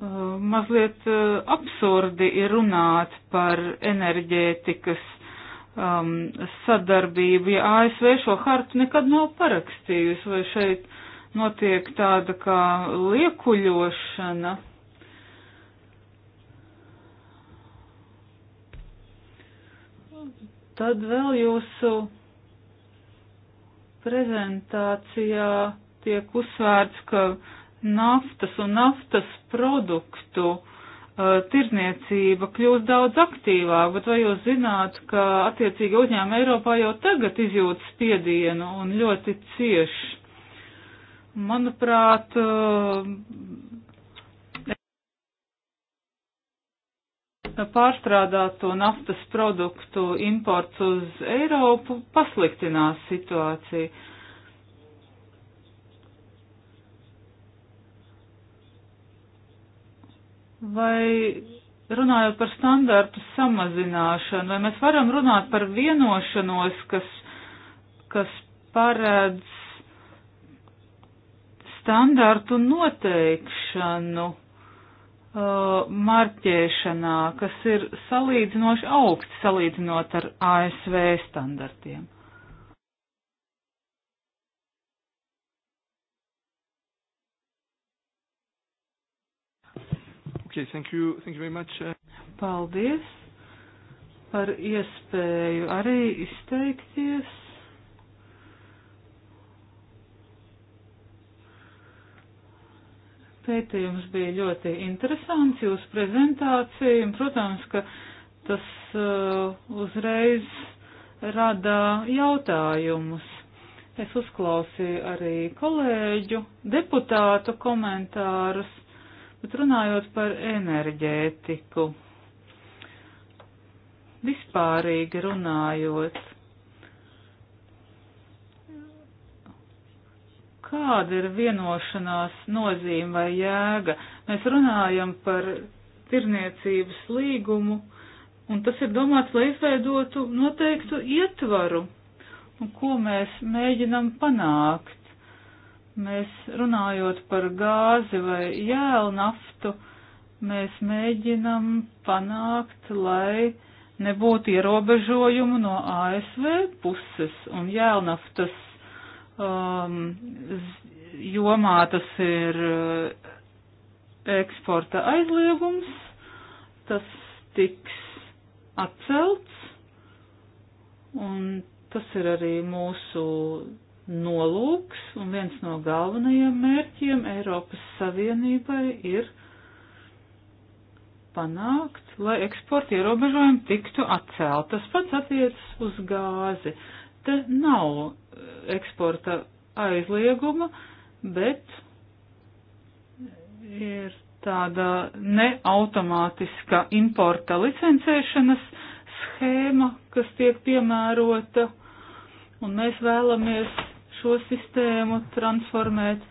uh, mazliet uh, absurdi ir runāt par enerģētikas um, sadarbību, ja ASV šo hartu nekad nav parakstījusi, vai šeit notiek tāda kā liekuļošana. Tad vēl jūsu prezentācijā tiek uzsvērts, ka naftas un naftas produktu uh, tirzniecība kļūst daudz aktīvāk, bet vai jūs zināt, ka attiecīgi uzņēma Eiropā jau tagad izjūt spiedienu un ļoti cieši? Manuprāt, uh, pārstrādāto naftas produktu imports uz Eiropu pasliktinās situāciju. Vai runājot par standārtu samazināšanu, vai mēs varam runāt par vienošanos, kas, kas paredz standārtu noteikšanu? uh, marķēšanā, kas ir salīdzinoši augsts salīdzinot ar ASV standartiem. Okay, thank you, thank you very much. Uh. Paldies par iespēju arī izteikties. Pētījums bija ļoti interesants, jūsu prezentācija, un, protams, ka tas uh, uzreiz rada jautājumus. Es uzklausīju arī kolēģu, deputātu komentārus, bet runājot par enerģētiku. Vispārīgi runājot, Kāda ir vienošanās nozīme vai jēga? Mēs runājam par tirniecības līgumu, un tas ir domāts, lai izveidotu noteiktu ietvaru, un ko mēs mēģinam panākt. Mēs runājot par gāzi vai jēlnaftu, mēs mēģinam panākt, lai nebūtu ierobežojumu no ASV puses, un jēlnaftas um, jomā tas ir uh, eksporta aizliegums, tas tiks atcelts, un tas ir arī mūsu nolūks, un viens no galvenajiem mērķiem Eiropas Savienībai ir panākt, lai eksporta ierobežojumi tiktu atcelt. Tas pats attiecas uz gāzi. Te nav eksporta aizlieguma, bet ir tāda neautomātiska importa licencēšanas schēma, kas tiek piemērota, un mēs vēlamies šo sistēmu transformēt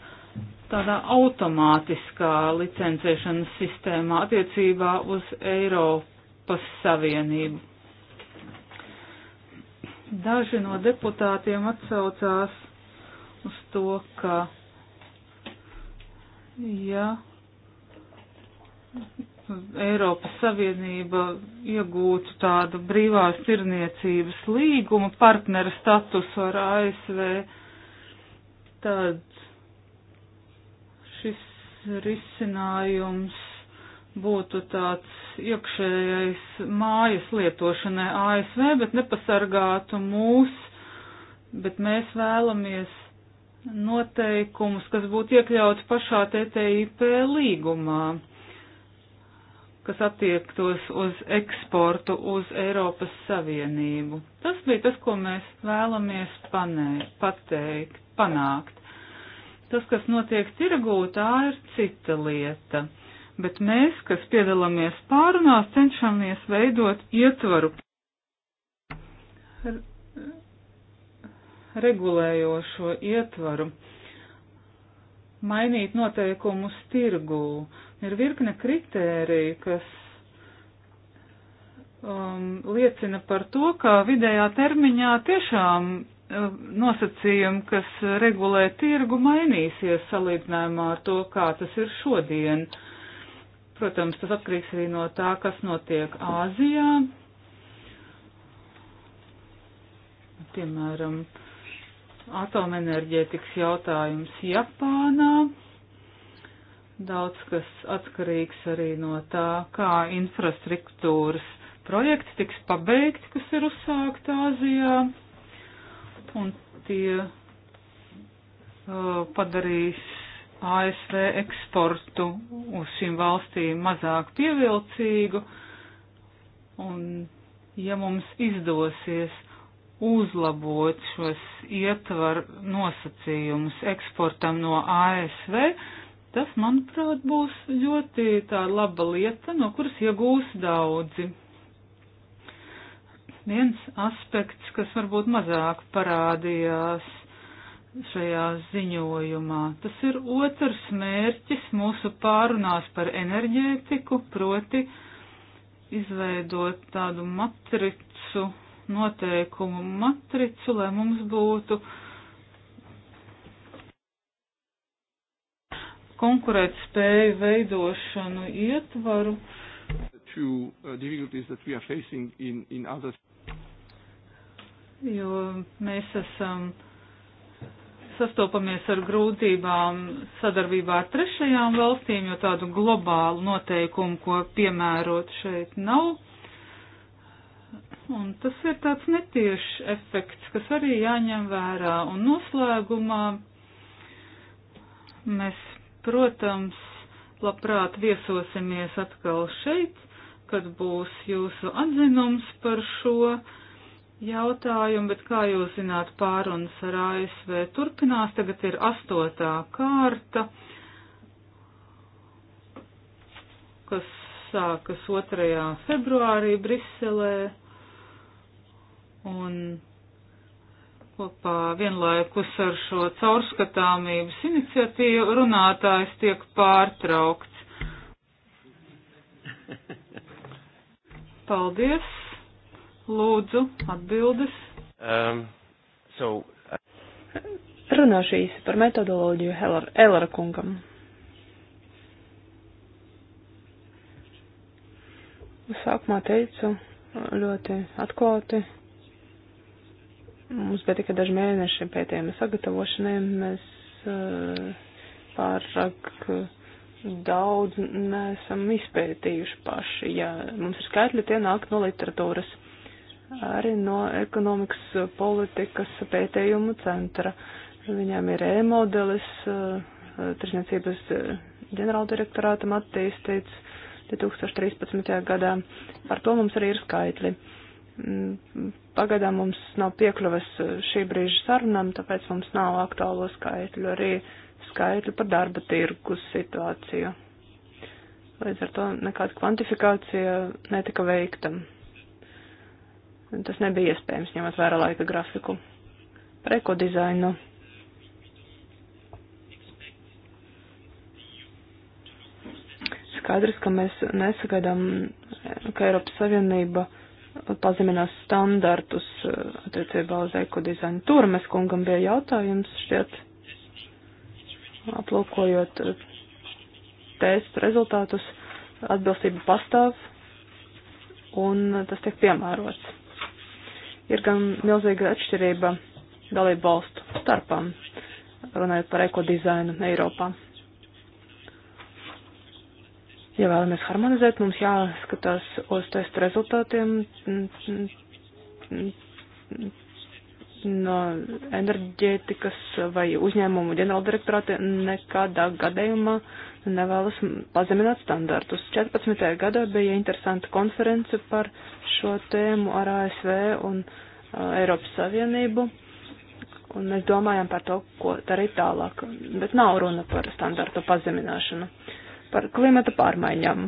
tādā automātiskā licencēšanas sistēmā attiecībā uz Eiropas Savienību. Daži no deputātiem atsaucās uz to, ka, ja Eiropas Savienība iegūtu tādu brīvās tirniecības līguma partnera statusu ar ASV, tad šis risinājums būtu tāds iekšējais mājas lietošanai ASV, bet nepasargātu mūs, bet mēs vēlamies noteikumus, kas būtu iekļauti pašā TTIP līgumā, kas attiektos uz eksportu uz Eiropas Savienību. Tas bija tas, ko mēs vēlamies panē, pateikt, panākt. Tas, kas notiek tirgū, tā ir cita lieta bet mēs, kas piedalāmies pārunās, cenšamies veidot ietvaru regulējošo ietvaru, mainīt noteikumus tirgū. Ir virkne kritērija, kas um, liecina par to, ka vidējā termiņā tiešām um, nosacījumi, kas regulē tirgu, mainīsies salīdzinājumā ar to, kā tas ir šodien. Uh, Protams, tas atkarīgs arī no tā, kas notiek Āzijā. Piemēram, atomenerģētikas jautājums Japānā. Daudz kas atkarīgs arī no tā, kā infrastruktūras projekts tiks pabeigts, kas ir uzsākt Āzijā. Un tie uh, padarīs ASV eksportu uz šīm valstīm mazāk pievilcīgu, un ja mums izdosies uzlabot šos ietvaru nosacījumus eksportam no ASV, tas, manuprāt, būs ļoti tā laba lieta, no kuras iegūs daudzi. Viens aspekts, kas varbūt mazāk parādījās šajā ziņojumā. Tas ir otrs mērķis mūsu pārunās par enerģētiku, proti izveidot tādu matricu, noteikumu matricu, lai mums būtu konkurēt spēju veidošanu ietvaru.
To, uh, in,
in other...
Jo mēs esam. Um, sastopamies ar grūtībām sadarbībā ar trešajām valstīm, jo tādu globālu noteikumu, ko piemērot šeit nav. Un tas ir tāds netiešs efekts, kas arī jāņem vērā. Un noslēgumā mēs, protams, labprāt viesosimies atkal šeit, kad būs jūsu atzinums par šo jautājumu, bet kā jūs zināt, pārunas ar ASV turpinās, tagad ir astotā kārta, kas sākas 2. februārī Briselē, un kopā vienlaikus ar šo caurskatāmības iniciatīvu runātājs tiek pārtraukts. Paldies!
Lūdzu, atbildes.
Um, so, uh...
Runāšu īsi par metodoloģiju Heller, Ellera kungam. Sākumā teicu ļoti atklāti. Mums bija tikai daži mēneši pētījuma sagatavošanai. Mēs uh, pārāk daudz nesam izpētījuši paši. Ja mums ir skaitļi, tie nāk no literatūras arī no ekonomikas eh, politikas pētījumu centra. Viņam ir e-modelis, eh, tirsniecības eh, ģenerāldirektorātam attīstīts 2013. gadā. Par to mums arī ir skaitļi. Mm, pagaidām mums nav piekļuves šī brīža sarunam, tāpēc mums nav aktuālo skaitļu, arī skaitļu par darba tirgus situāciju. Līdz ar to nekāda kvantifikācija netika veikta. Tas nebija iespējams, ņemot vērā laika grafiku. Par ekodizainu. Skaidrs, ka mēs nesagaidām, ka Eiropas Savienība pazeminās standartus eh, attiecībā uz ekodizainu. Turmes kungam bija jautājums šķiet, aplūkojot eh, testu rezultātus, atbilstība pastāv un tas tiek piemērots ir gan milzīga atšķirība dalību valstu starpām, runājot par ekodizainu Eiropā. Ja vēlamies harmonizēt, mums jāskatās uz testu rezultātiem no enerģētikas vai uzņēmumu ģenerāldirektorāta nekādā gadījumā uh, nevēlas pazemināt standartus. 14. gadā bija interesanta konference par šo tēmu ar ASV un uh, Eiropas Savienību, un mēs domājam par to, ko darīt tālāk, bet nav runa par standartu pazemināšanu. Par klimata pārmaiņām.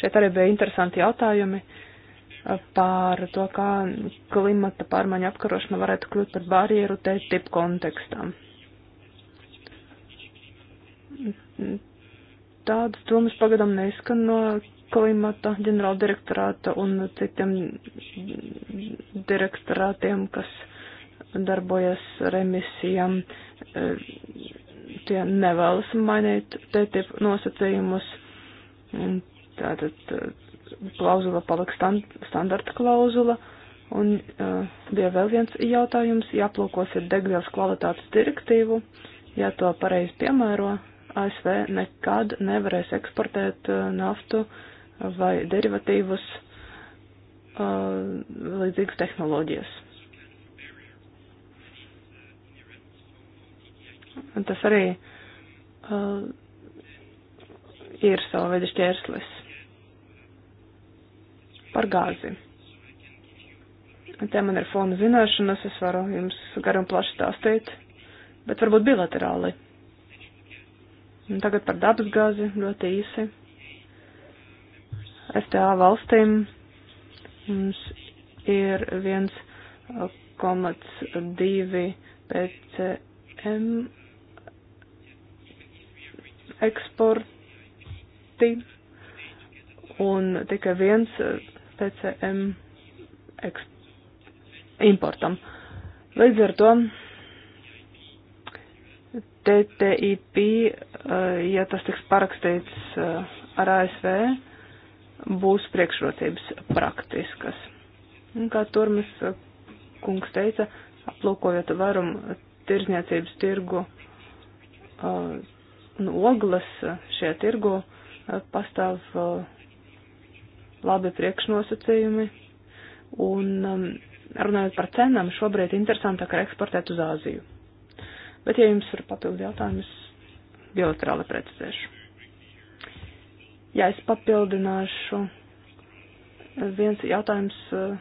Šeit arī bija interesanti jautājumi uh, par to, kā klimata pārmaiņa apkarošana varētu kļūt par barjeru te tip kontekstam. Tādas domas pagadam neskan no klimata ģenerāla direktorāta un citiem direktorātiem, kas darbojas ar emisijām. Tie nevēlas mainīt TTIP nosacījumus. Tātad eh, klauzula paliks stand, standarta klauzula. Un uh, bija vēl viens jautājums, jāplūkos ir degvielas kvalitātes direktīvu, ja to pareizi piemēro, ASV nekad nevarēs eksportēt uh, naftu vai derivatīvus uh, līdzīgas tehnoloģijas. Tas arī uh, ir sava veida šķērslis par gāzi. Te man ir fona zināšanas, es varu jums garam plaši stāstīt, bet varbūt bilaterāli. Un tagad par dabasgāzi ļoti īsi. STA valstīm mums ir 1,2 uh, PCM eksporti un tikai viens uh, PCM eksporti importam. Līdz ar to TTIP, eh, ja tas tiks parakstīts eh, ar ASV, būs priekšrocības praktiskas. Un kā Turmas eh, kungs teica, aplūkojot varumu tirzniecības tirgu un oglas šajā tirgu, pastāv labi priekšnosacījumi. Un runājot par cenām, šobrīd interesantāk ir eksportēt uz Āziju. Bet, ja jums ir papildu jautājumus, bilaterāli precizēšu. Jā, es papildināšu. Viens jautājums eh,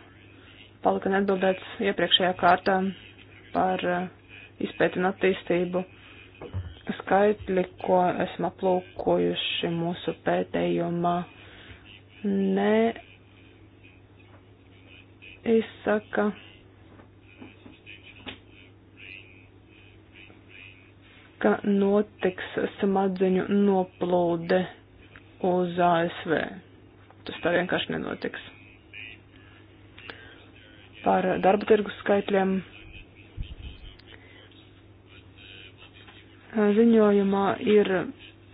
palika neatbildēts iepriekšējā kārtā par eh, izpēti un attīstību. Skaitļi, ko esam aplūkojuši mūsu pētējumā, ne izsaka ka notiks smadzeņu noplūde uz ASV. Tas tā vienkārši nenotiks. Par darba tirgus skaitļiem ziņojumā ir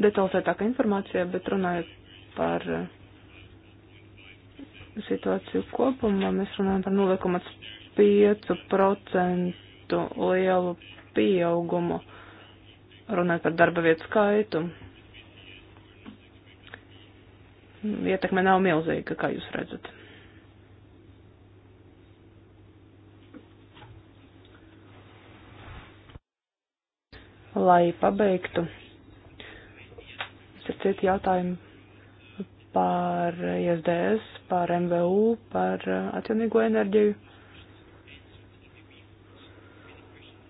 detalizētāka informācija, bet runājot par situāciju kopumā, mēs runājam par 0,5% lielu pieaugumu runāt par darba vietu skaitu. Ietekme nav milzīga, kā jūs redzat. Lai pabeigtu, ir citi jautājumi par ISDS, par MVU, par uh, atjaunīgo enerģiju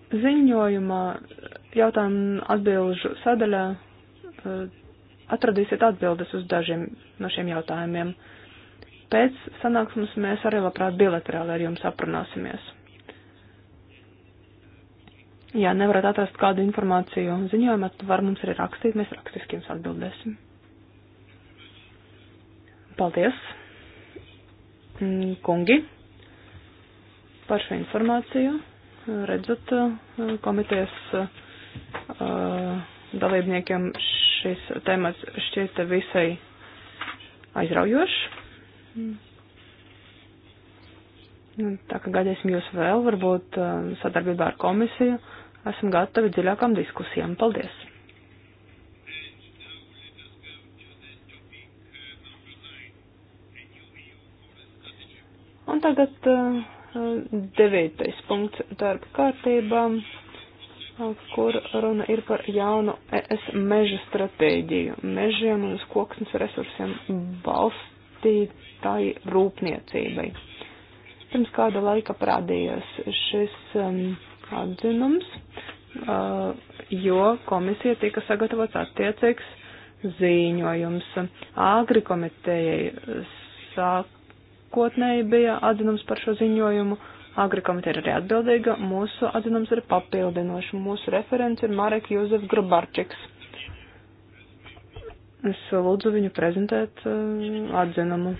Ziņojumā jautājumu atbilžu sadaļā e, atradīsiet atbildes uz dažiem no šiem jautājumiem. Pēc sanāksmes mēs arī labprāt bilaterāli ar jums aprunāsimies. Ja nevarat atrast kādu informāciju ziņojumā, tad var mums arī rakstīt, mēs rakstiski jums atbildēsim. Paldies, kungi, par šo informāciju redzat, eh, komitejas eh, dalībniekiem šis temats šķiet visai aizraujošs. Nu, tā kā gaidīsim jūs vēl, varbūt eh, sadarbībā ar komisiju, esam gatavi dziļākām diskusijām. Paldies! Un tagad uh, devītais punkts darba kārtībā, kur runa ir par jaunu ES meža stratēģiju, mežiem un uz koksnes resursiem balstītai rūpniecībai. Pirms kāda laika parādījās šis um, atzinums, uh, jo komisija tika sagatavots attiecīgs ziņojums. Agri komitejai sāk sākotnēji bija atzinums par šo ziņojumu. Agri komiteja ir arī atbildīga, mūsu atzinums ir papildinošs, mūsu referents ir Marek Jūzef Grabarčiks. Es lūdzu viņu prezentēt uh, atzinumu.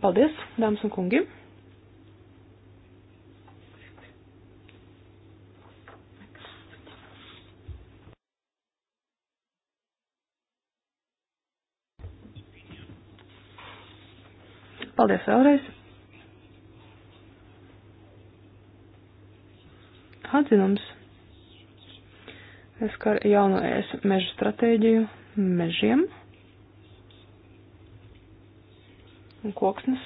Paldies, dāmas un kungi! Paldies vēlreiz. Atzinums. Es kā jauno es mežu stratēģiju mežiem un koksnes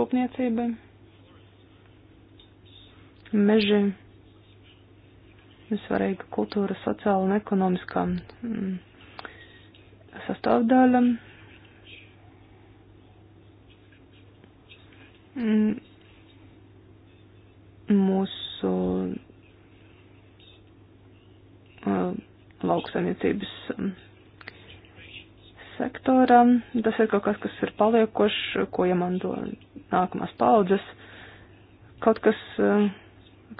rūpniecībai. Meži ir svarīga kultūra, sociāla un ekonomiskā mm, sastāvdaļa. Mm, mūsu uh, lauksaimniecības um, sektorā. Tas ir kaut kas, kas ir paliekošs, ko iemanto nākamās paudzes. Kaut kas, uh,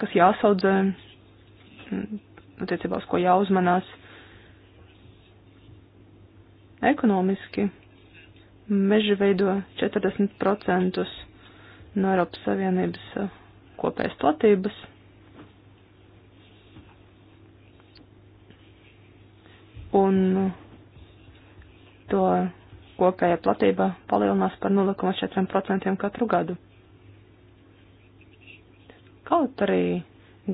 kas jāsaudzē, mm, attiecībā uz ko jāuzmanās ekonomiski. Meži veido 40% no Eiropas Savienības uh, kopējas platības. Un uh, to kopējā platība palielinās par 0,4% katru gadu. Kaut arī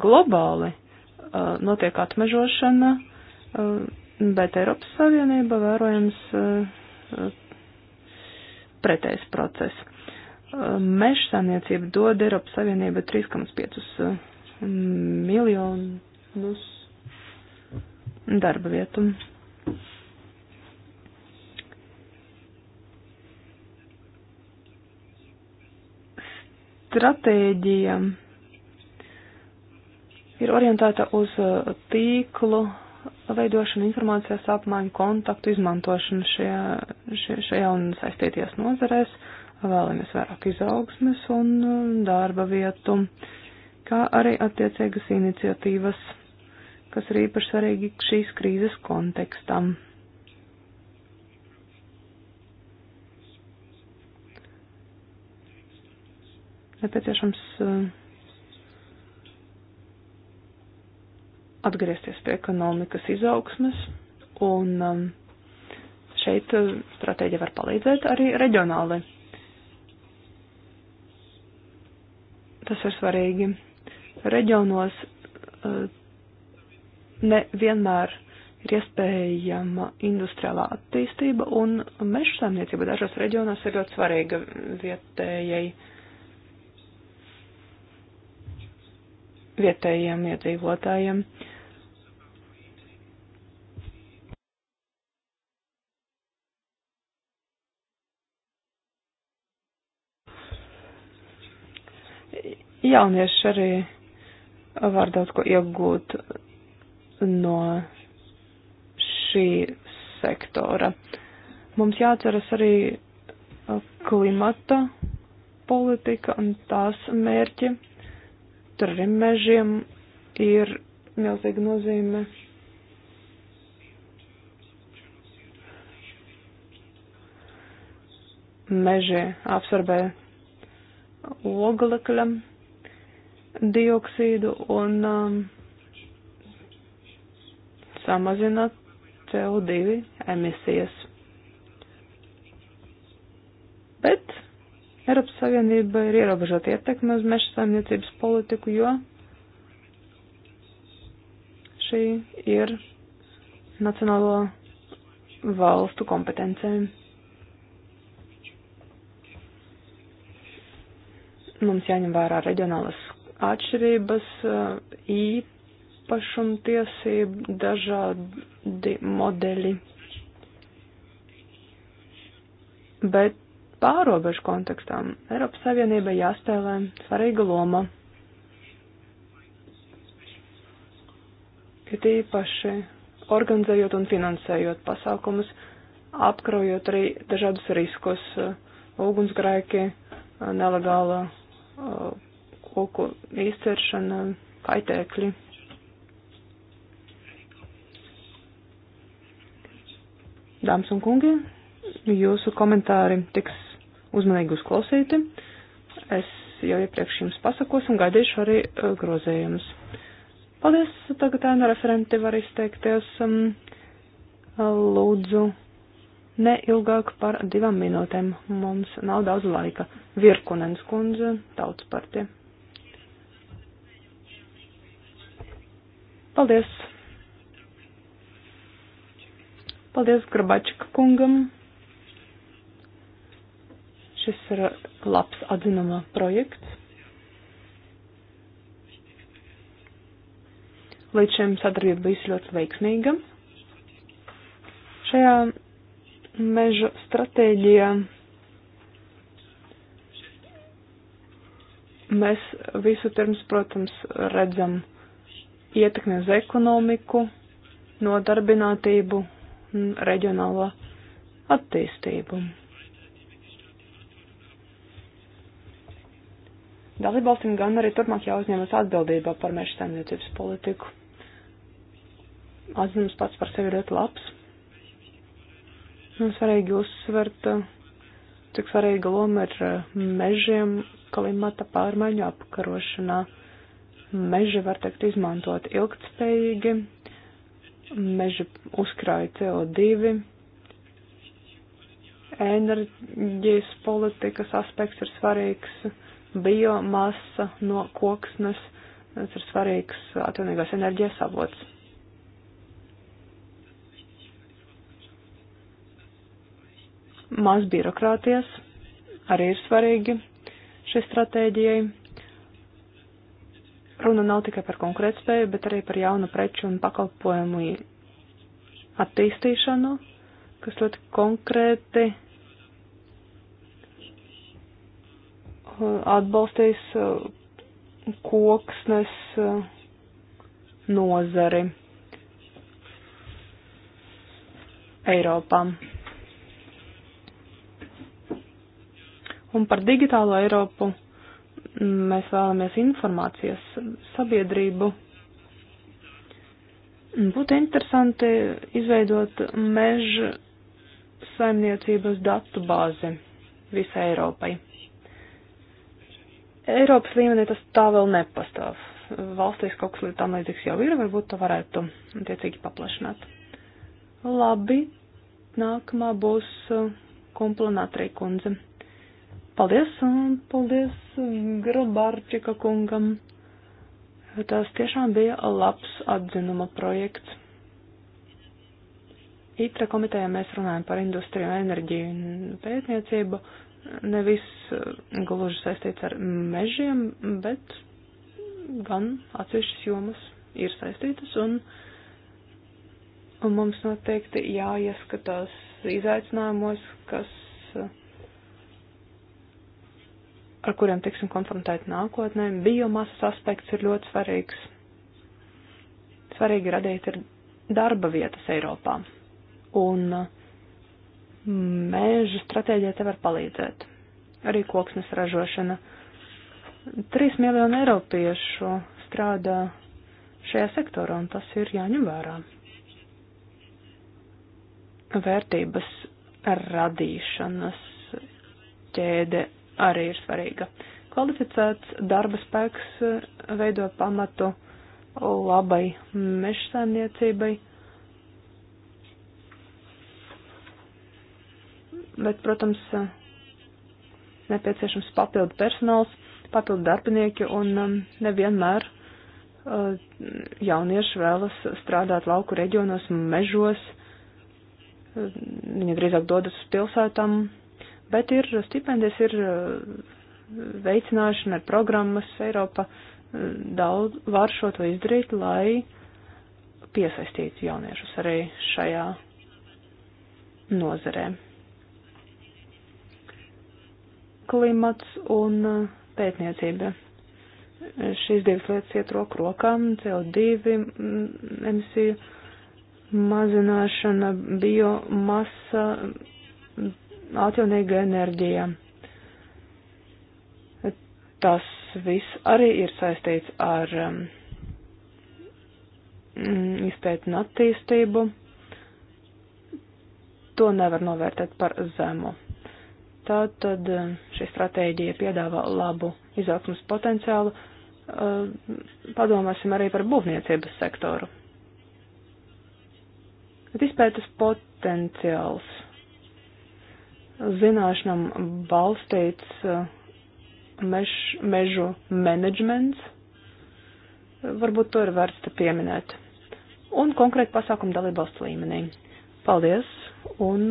globāli uh, notiek atmežošana, uh, bet Eiropas Savienība vērojams uh, uh pretējs process mežsāniecība dod Eiropas Savienība 3,5 uh, miljonus darba vietu. Stratēģija ir orientēta uz uh, tīklu veidošanu, informācijas apmaiņu, kontaktu izmantošanu šajā, šajā un saistīties nozarēs. Uh, vēlamies vairāk izaugsmes un um, darba vietu, kā arī attiecīgas iniciatīvas, kas ir īpaši svarīgi šīs krīzes kontekstam. Nepieciešams um, atgriezties pie ekonomikas izaugsmes un um, šeit um, stratēģija var palīdzēt arī reģionāli Tas ir svarīgi. Reģionos eh, ne vienmēr ir iespējama industriālā attīstība, un meža saimniecība dažos reģionos ir ļoti svarīga vietējai, vietējiem iedzīvotājiem. Uh, jaunieši arī var daudz ko iegūt no šī sektora. Mums jāatceras arī klimata politika un tās mērķi. Tur arī mežiem ir milzīga nozīme. Meži apsarbē oglekļam dioksīdu un um, samazina CO2 emisijas. Bet Eiropas Savienība ir ierobežota ietekme uz meža saimniecības politiku, jo šī ir nacionālo valstu kompetencēm. Mums jāņem vērā reģionālas atšķirības, īpašumtiesība, dažādi modeļi. Bet pārobežu kontekstā Eiropas Savienība jāspēlē svarīga loma. It īpaši organizējot un finansējot pasākumus, apkraujot arī dažādus riskus, ugunsgrēki, nelegāla koku izciršana, kaitēkļi. Dāmas un kungi, jūsu komentāri tiks uzmanīgi uzklausīti. Es jau iepriekš jums pasakos un gaidīšu arī eh, grozējumus. Paldies, tagad ēna referenti var izteikties. Um, lūdzu, ne ilgāk par divām minūtēm. Mums nav daudz laika. Virkunens kundze, tautas partija. Paldies! Paldies Grabačika kungam! Šis ir labs atzinama projekts. Līdz šim sadarbība bijusi ļoti veiksmīga. Šajā meža stratēģijā mēs visu pirms, protams, redzam ietekmi uz ekonomiku, nodarbinātību un reģionālo attīstību. Dalībvalstīm gan arī turpmāk jāuzņemas atbildībā par meža saimniecības politiku. Atzinums pats par sevi ir ļoti labs. Un svarīgi uzsvert, cik svarīga loma ir eh, mežiem klimata pārmaiņu apkarošanā. Meži var teikt izmantot ilgtspējīgi, meži uzkrāja CO2, enerģijas politikas aspekts ir svarīgs, biomasa no koksnes, tas ir svarīgs atjaunīgās enerģijas avots. Maz birokrātijas arī ir svarīgi šai stratēģijai. Runa nav tikai par konkurētspēju, bet arī par jaunu preču un pakalpojumu attīstīšanu, kas ļoti konkrēti uh, atbalstīs uh, koksnes uh, nozari Eiropā. Un par digitālo Eiropu Mēs vēlamies informācijas sabiedrību. Būtu interesanti izveidot meža saimniecības datu bāzi visai Eiropai. Eiropas līmenī tas tā vēl nepastāv. Valstīs kaut kas līdz tam līdzīgs jau ir, varbūt to varētu attiecīgi paplašināt. Labi, nākamā būs uh, komplanātrī kundze. Paldies, un paldies Grabārčika kungam. Tas tiešām bija labs atzinuma projekts. ITRA komitejā mēs runājam par industriju, enerģiju un pētniecību. Nevis eh, gluži saistīts ar mežiem, bet gan atsevišķas jomas ir saistītas un, un mums noteikti jāieskatās izaicinājumos, kas ar kuriem tiksim konfrontēti nākotnē. Biomasas aspekts ir ļoti svarīgs. Svarīgi radīt ir darba vietas Eiropā. Un
mm,
mēža stratēģija te var palīdzēt. Arī koksnes ražošana. Trīs miljoni eiropiešu strādā šajā sektorā, un tas ir jāņem vērā. Vērtības radīšanas ķēde arī ir svarīga. Kvalificēts darba spēks eh, veido pamatu labai mežsēmniecībai, bet, protams, eh, nepieciešams papildu personāls, papildu darbinieki un eh, nevienmēr jaunieši vēlas strādāt lauku reģionos, mežos, viņi drīzāk dodas uz pilsētām, bet ir stipendijas, ir eh, veicināšana ar programmas Eiropa eh, daudz var šo to izdarīt, lai piesaistītu jauniešus arī šajā nozarē. Klimats un eh, pētniecība. Šīs divas lietas iet roku rokām, CO2 mm, emisiju mazināšana, biomasa, atjaunīga enerģija. Tas viss arī ir saistīts ar um, mm, izpēti un attīstību. To nevar novērtēt par zemu. Tātad um, šī stratēģija piedāvā labu izaugsmas potenciālu. Um, padomāsim arī par būvniecības sektoru. Bet izpētes potenciāls zināšanām balstīts eh, meš, mežu menedžments. Varbūt to ir vērts te pieminēt. Un konkrēti pasākumu dalībvalsts līmenī. Paldies un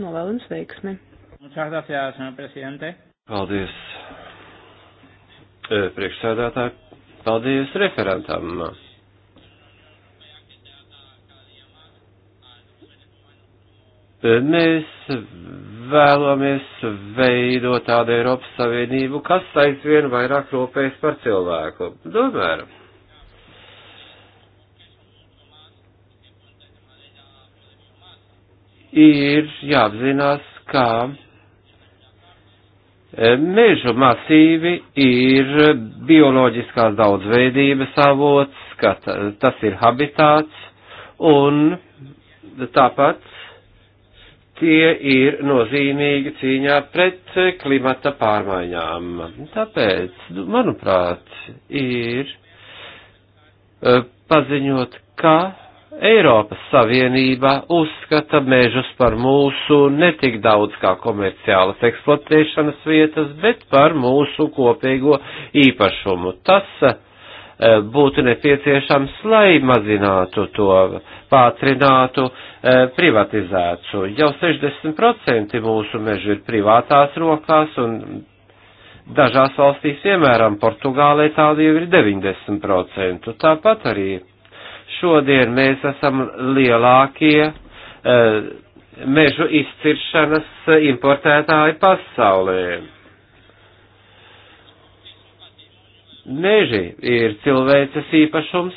novēlu jums veiksmi.
Paldies, eh, priekšsēdētāji. Paldies referentam. Eh, mēs vēlamies veidot tādu Eiropas Savienību, kas aizvien vairāk rūpējas par cilvēku. Domēr. Ir jāapzinās, ka Mežu masīvi ir bioloģiskās daudzveidības avots, ka tas ir habitāts, un tāpat tie ir nozīmīgi cīņā pret eh, klimata pārmaiņām. Tāpēc, nu, manuprāt, ir eh, paziņot, ka Eiropas Savienība uzskata mežus par mūsu ne tik daudz kā komerciālas eksploatēšanas vietas, bet par mūsu kopīgo īpašumu. Tas uh, Eh, būtu nepieciešams, lai mazinātu to, pātrinātu, eh, privatizētu. Jau 60% mūsu mežu ir privātās rokās un dažās valstīs, piemēram, Portugālē tāda jau ir 90%. Tāpat arī šodien mēs esam lielākie eh, mežu izciršanas importētāji pasaulē Meži ir cilvēces īpašums,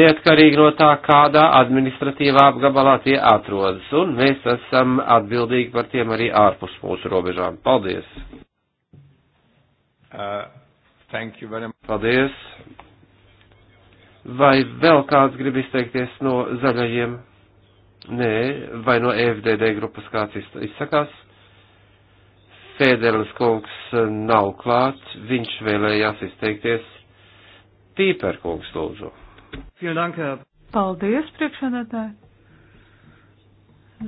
neatkarīgi no tā, kādā administratīvā apgabalā tie atrodas, un mēs esam atbildīgi par tiem arī ārpus mūsu robežām. Paldies! Uh, thank you very much. Paldies! Vai vēl kāds grib izteikties no zaļajiem? Nē, vai no e FDD grupas kāds izsakās? Fēdelis kungs eh, nav klāts, viņš vēlējās izteikties Pīperkungs lūdzu.
Paldies, priekšsēdētāji!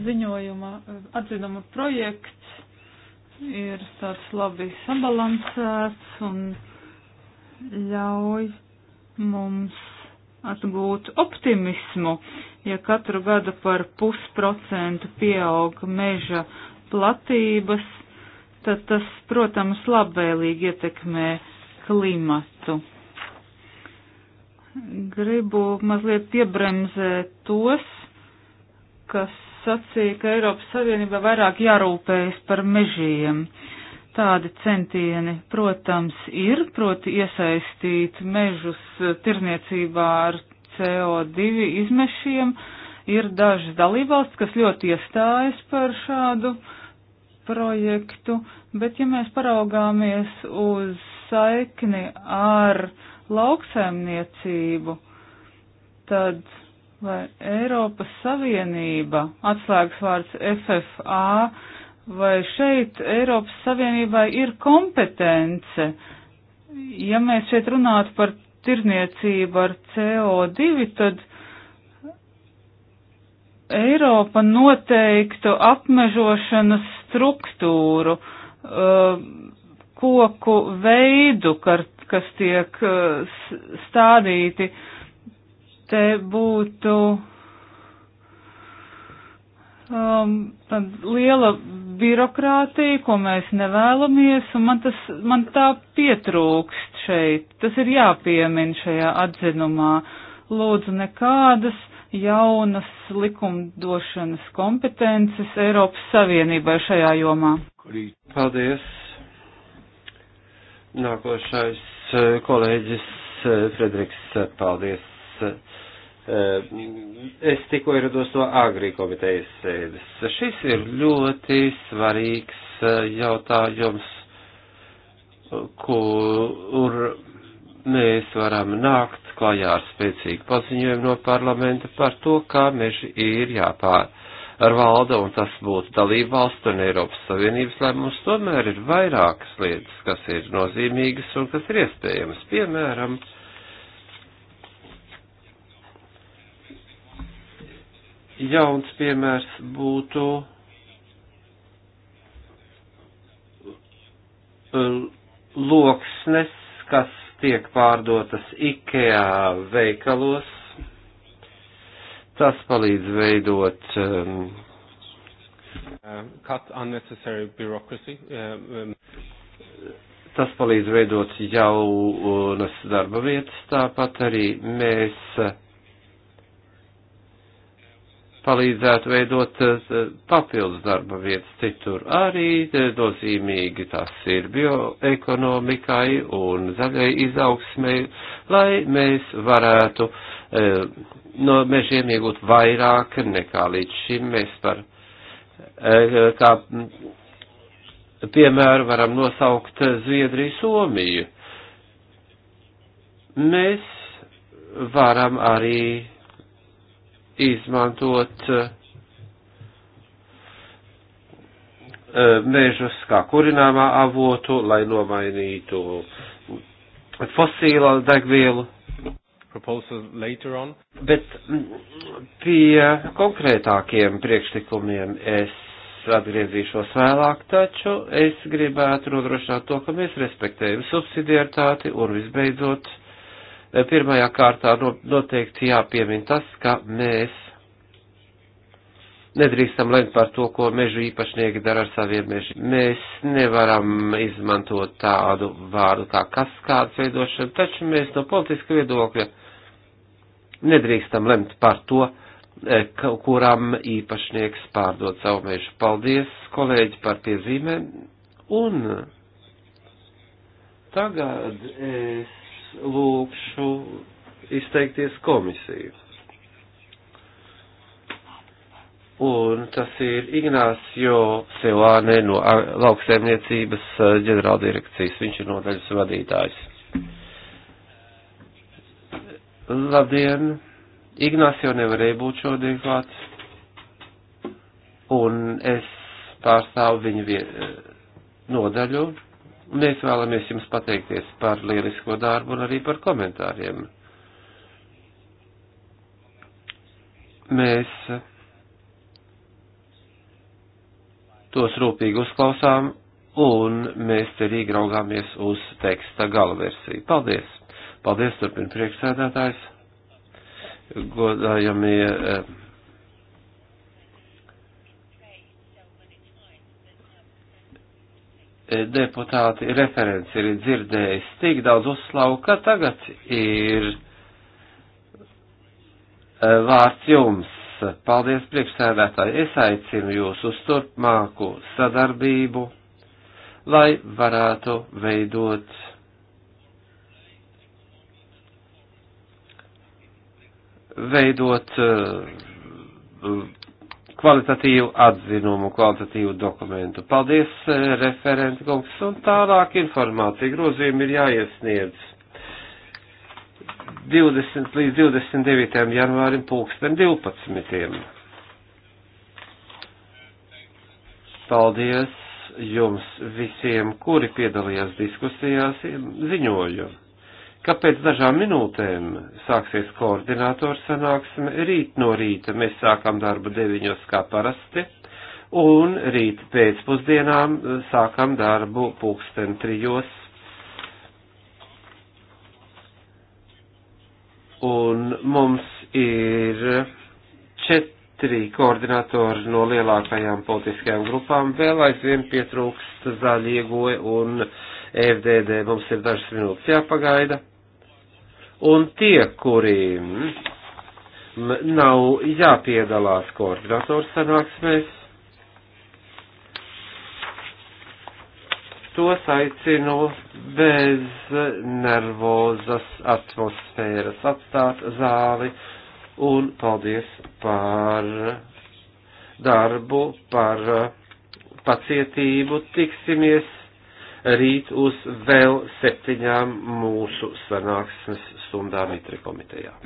Ziņojuma eh, atzinuma projekts ir tāds labi sabalansēts un ļauj mums atgūt optimismu, ja katru gadu par pusprocentu pieaug meža platības tad tas, protams, labvēlīgi ietekmē klimatu. Gribu mazliet piebremzēt tos, kas sacīja, ka Eiropas Savienība vairāk jārūpējas par mežiem. Tādi centieni, protams, ir, proti iesaistīt mežus tirniecībā ar CO2 izmešiem. Ir dažas dalībvalsts, kas ļoti iestājas par šādu uh, projektu, bet ja mēs paraugāmies uz saikni ar lauksaimniecību, tad vai Eiropas Savienība, atslēgas vārds FFA, vai šeit Eiropas Savienībai ir kompetence, ja mēs šeit runātu par tirniecību ar CO2, tad Eiropa noteiktu apmežošanas struktūru, uh, koku veidu, kas tiek uh, stādīti, te būtu um, liela birokrātija, ko mēs nevēlamies, un man, tas, man tā pietrūkst šeit. Tas ir jāpiemin šajā atzinumā. Lūdzu, nekādas jaunas likumdošanas kompetences Eiropas Savienībai šajā
jomā. Paldies. Nākošais eh, kolēģis eh, Frederiks, eh, paldies. Es tikko ierados no Agri komitejas sēdes. Šis ir ļoti svarīgs jautājums, kur mēs varam nākt nāks klajā ar spēcīgu paziņojumu no parlamenta par to, kā meži ir jāpār ar valda, un tas būtu dalību valstu un Eiropas Savienības lēmums, tomēr ir vairākas lietas, kas ir nozīmīgas un kas ir iespējamas. Piemēram, jauns piemērs būtu uh, loksnes, kas tiek pārdotas IKEA veikalos. Tas palīdz veidot um, uh, cut unnecessary bureaucracy. Uh, um, tas palīdz veidot jaunas darba vietas, tāpat arī mēs uh, palīdzētu veidot eh, papildus darba vietas citur. Arī eh, nozīmīgi tas ir bioekonomikai un zaļai izaugsmai, lai mēs varētu eh, no mežiem iegūt vairāk nekā līdz šim mēs par kā piemēru varam nosaukt Zviedriju, Somiju. Mēs varam arī izmantot eh, mežus kā kurināmā avotu, lai nomainītu fosīlo degvielu. Bet mm, pie konkrētākiem priekšlikumiem es atgriezīšos vēlāk, taču es gribētu nodrošināt to, ka mēs respektējam subsidiaritāti un visbeidzot Pirmajā kārtā noteikti jāpiemin tas, ka mēs nedrīkstam lemt par to, ko mežu īpašnieki dara ar saviem mežiem. Mēs nevaram izmantot tādu vārdu kā kaskādas veidošana, taču mēs no politiska viedokļa nedrīkstam lemt par to, e, kuram īpašnieks pārdod savu mežu. Paldies, kolēģi, par piezīmēm. Un tagad es lūkšu izteikties komisiju. Un tas ir Ignācio Silāne no lauksaimniecības eh, ģenerāldirekcijas. Viņš ir nodaļas vadītājs. Labdien! Ignācio nevarēja būt šodien klāts. Un es pārstāvu viņu eh, nodaļu. Mēs vēlamies jums pateikties par lielisko darbu un arī par komentāriem. Mēs tos rūpīgi uzklausām un mēs cerīgi raugāmies uz teksta galversiju. Paldies! Paldies, turpin priekšsēdētājs! Godājamie. Ja eh, deputāti referents ir dzirdējis tik daudz uzslavu, ka tagad ir e, vārds jums. Paldies, priekšsēdētāji. Es aicinu jūs uz turpmāku sadarbību, lai varētu veidot veidot uh, kvalitatīvu atzinumu, kvalitatīvu dokumentu. Paldies, eh, referenti kungs, un tālāk informācija grozījumi ir jāiesniedz 20 līdz 29. janvārim pulksten 12. Paldies jums visiem, kuri piedalījās diskusijās, ziņoju ka pēc dažām minūtēm sāksies koordinātors sanāksme. Rīt no rīta mēs sākam darbu deviņos kā parasti, un rīt pēcpusdienām eh, sākam darbu pulksten trijos. Un mums ir četri koordinatori no lielākajām politiskajām grupām, vēl aizvien pietrūkst zaļie goja un FDD. Mums ir dažas minūtes jāpagaida. Un tie, kuri mm, nav jāpiedalās koordinatoru sanāksmēs, tos aicinu bez nervozas atmosfēras atstāt zāli un paldies par darbu, par pacietību. Tiksimies! rīt uz vēl septiņām mūsu sanāksmes stundām Mitri komitejā.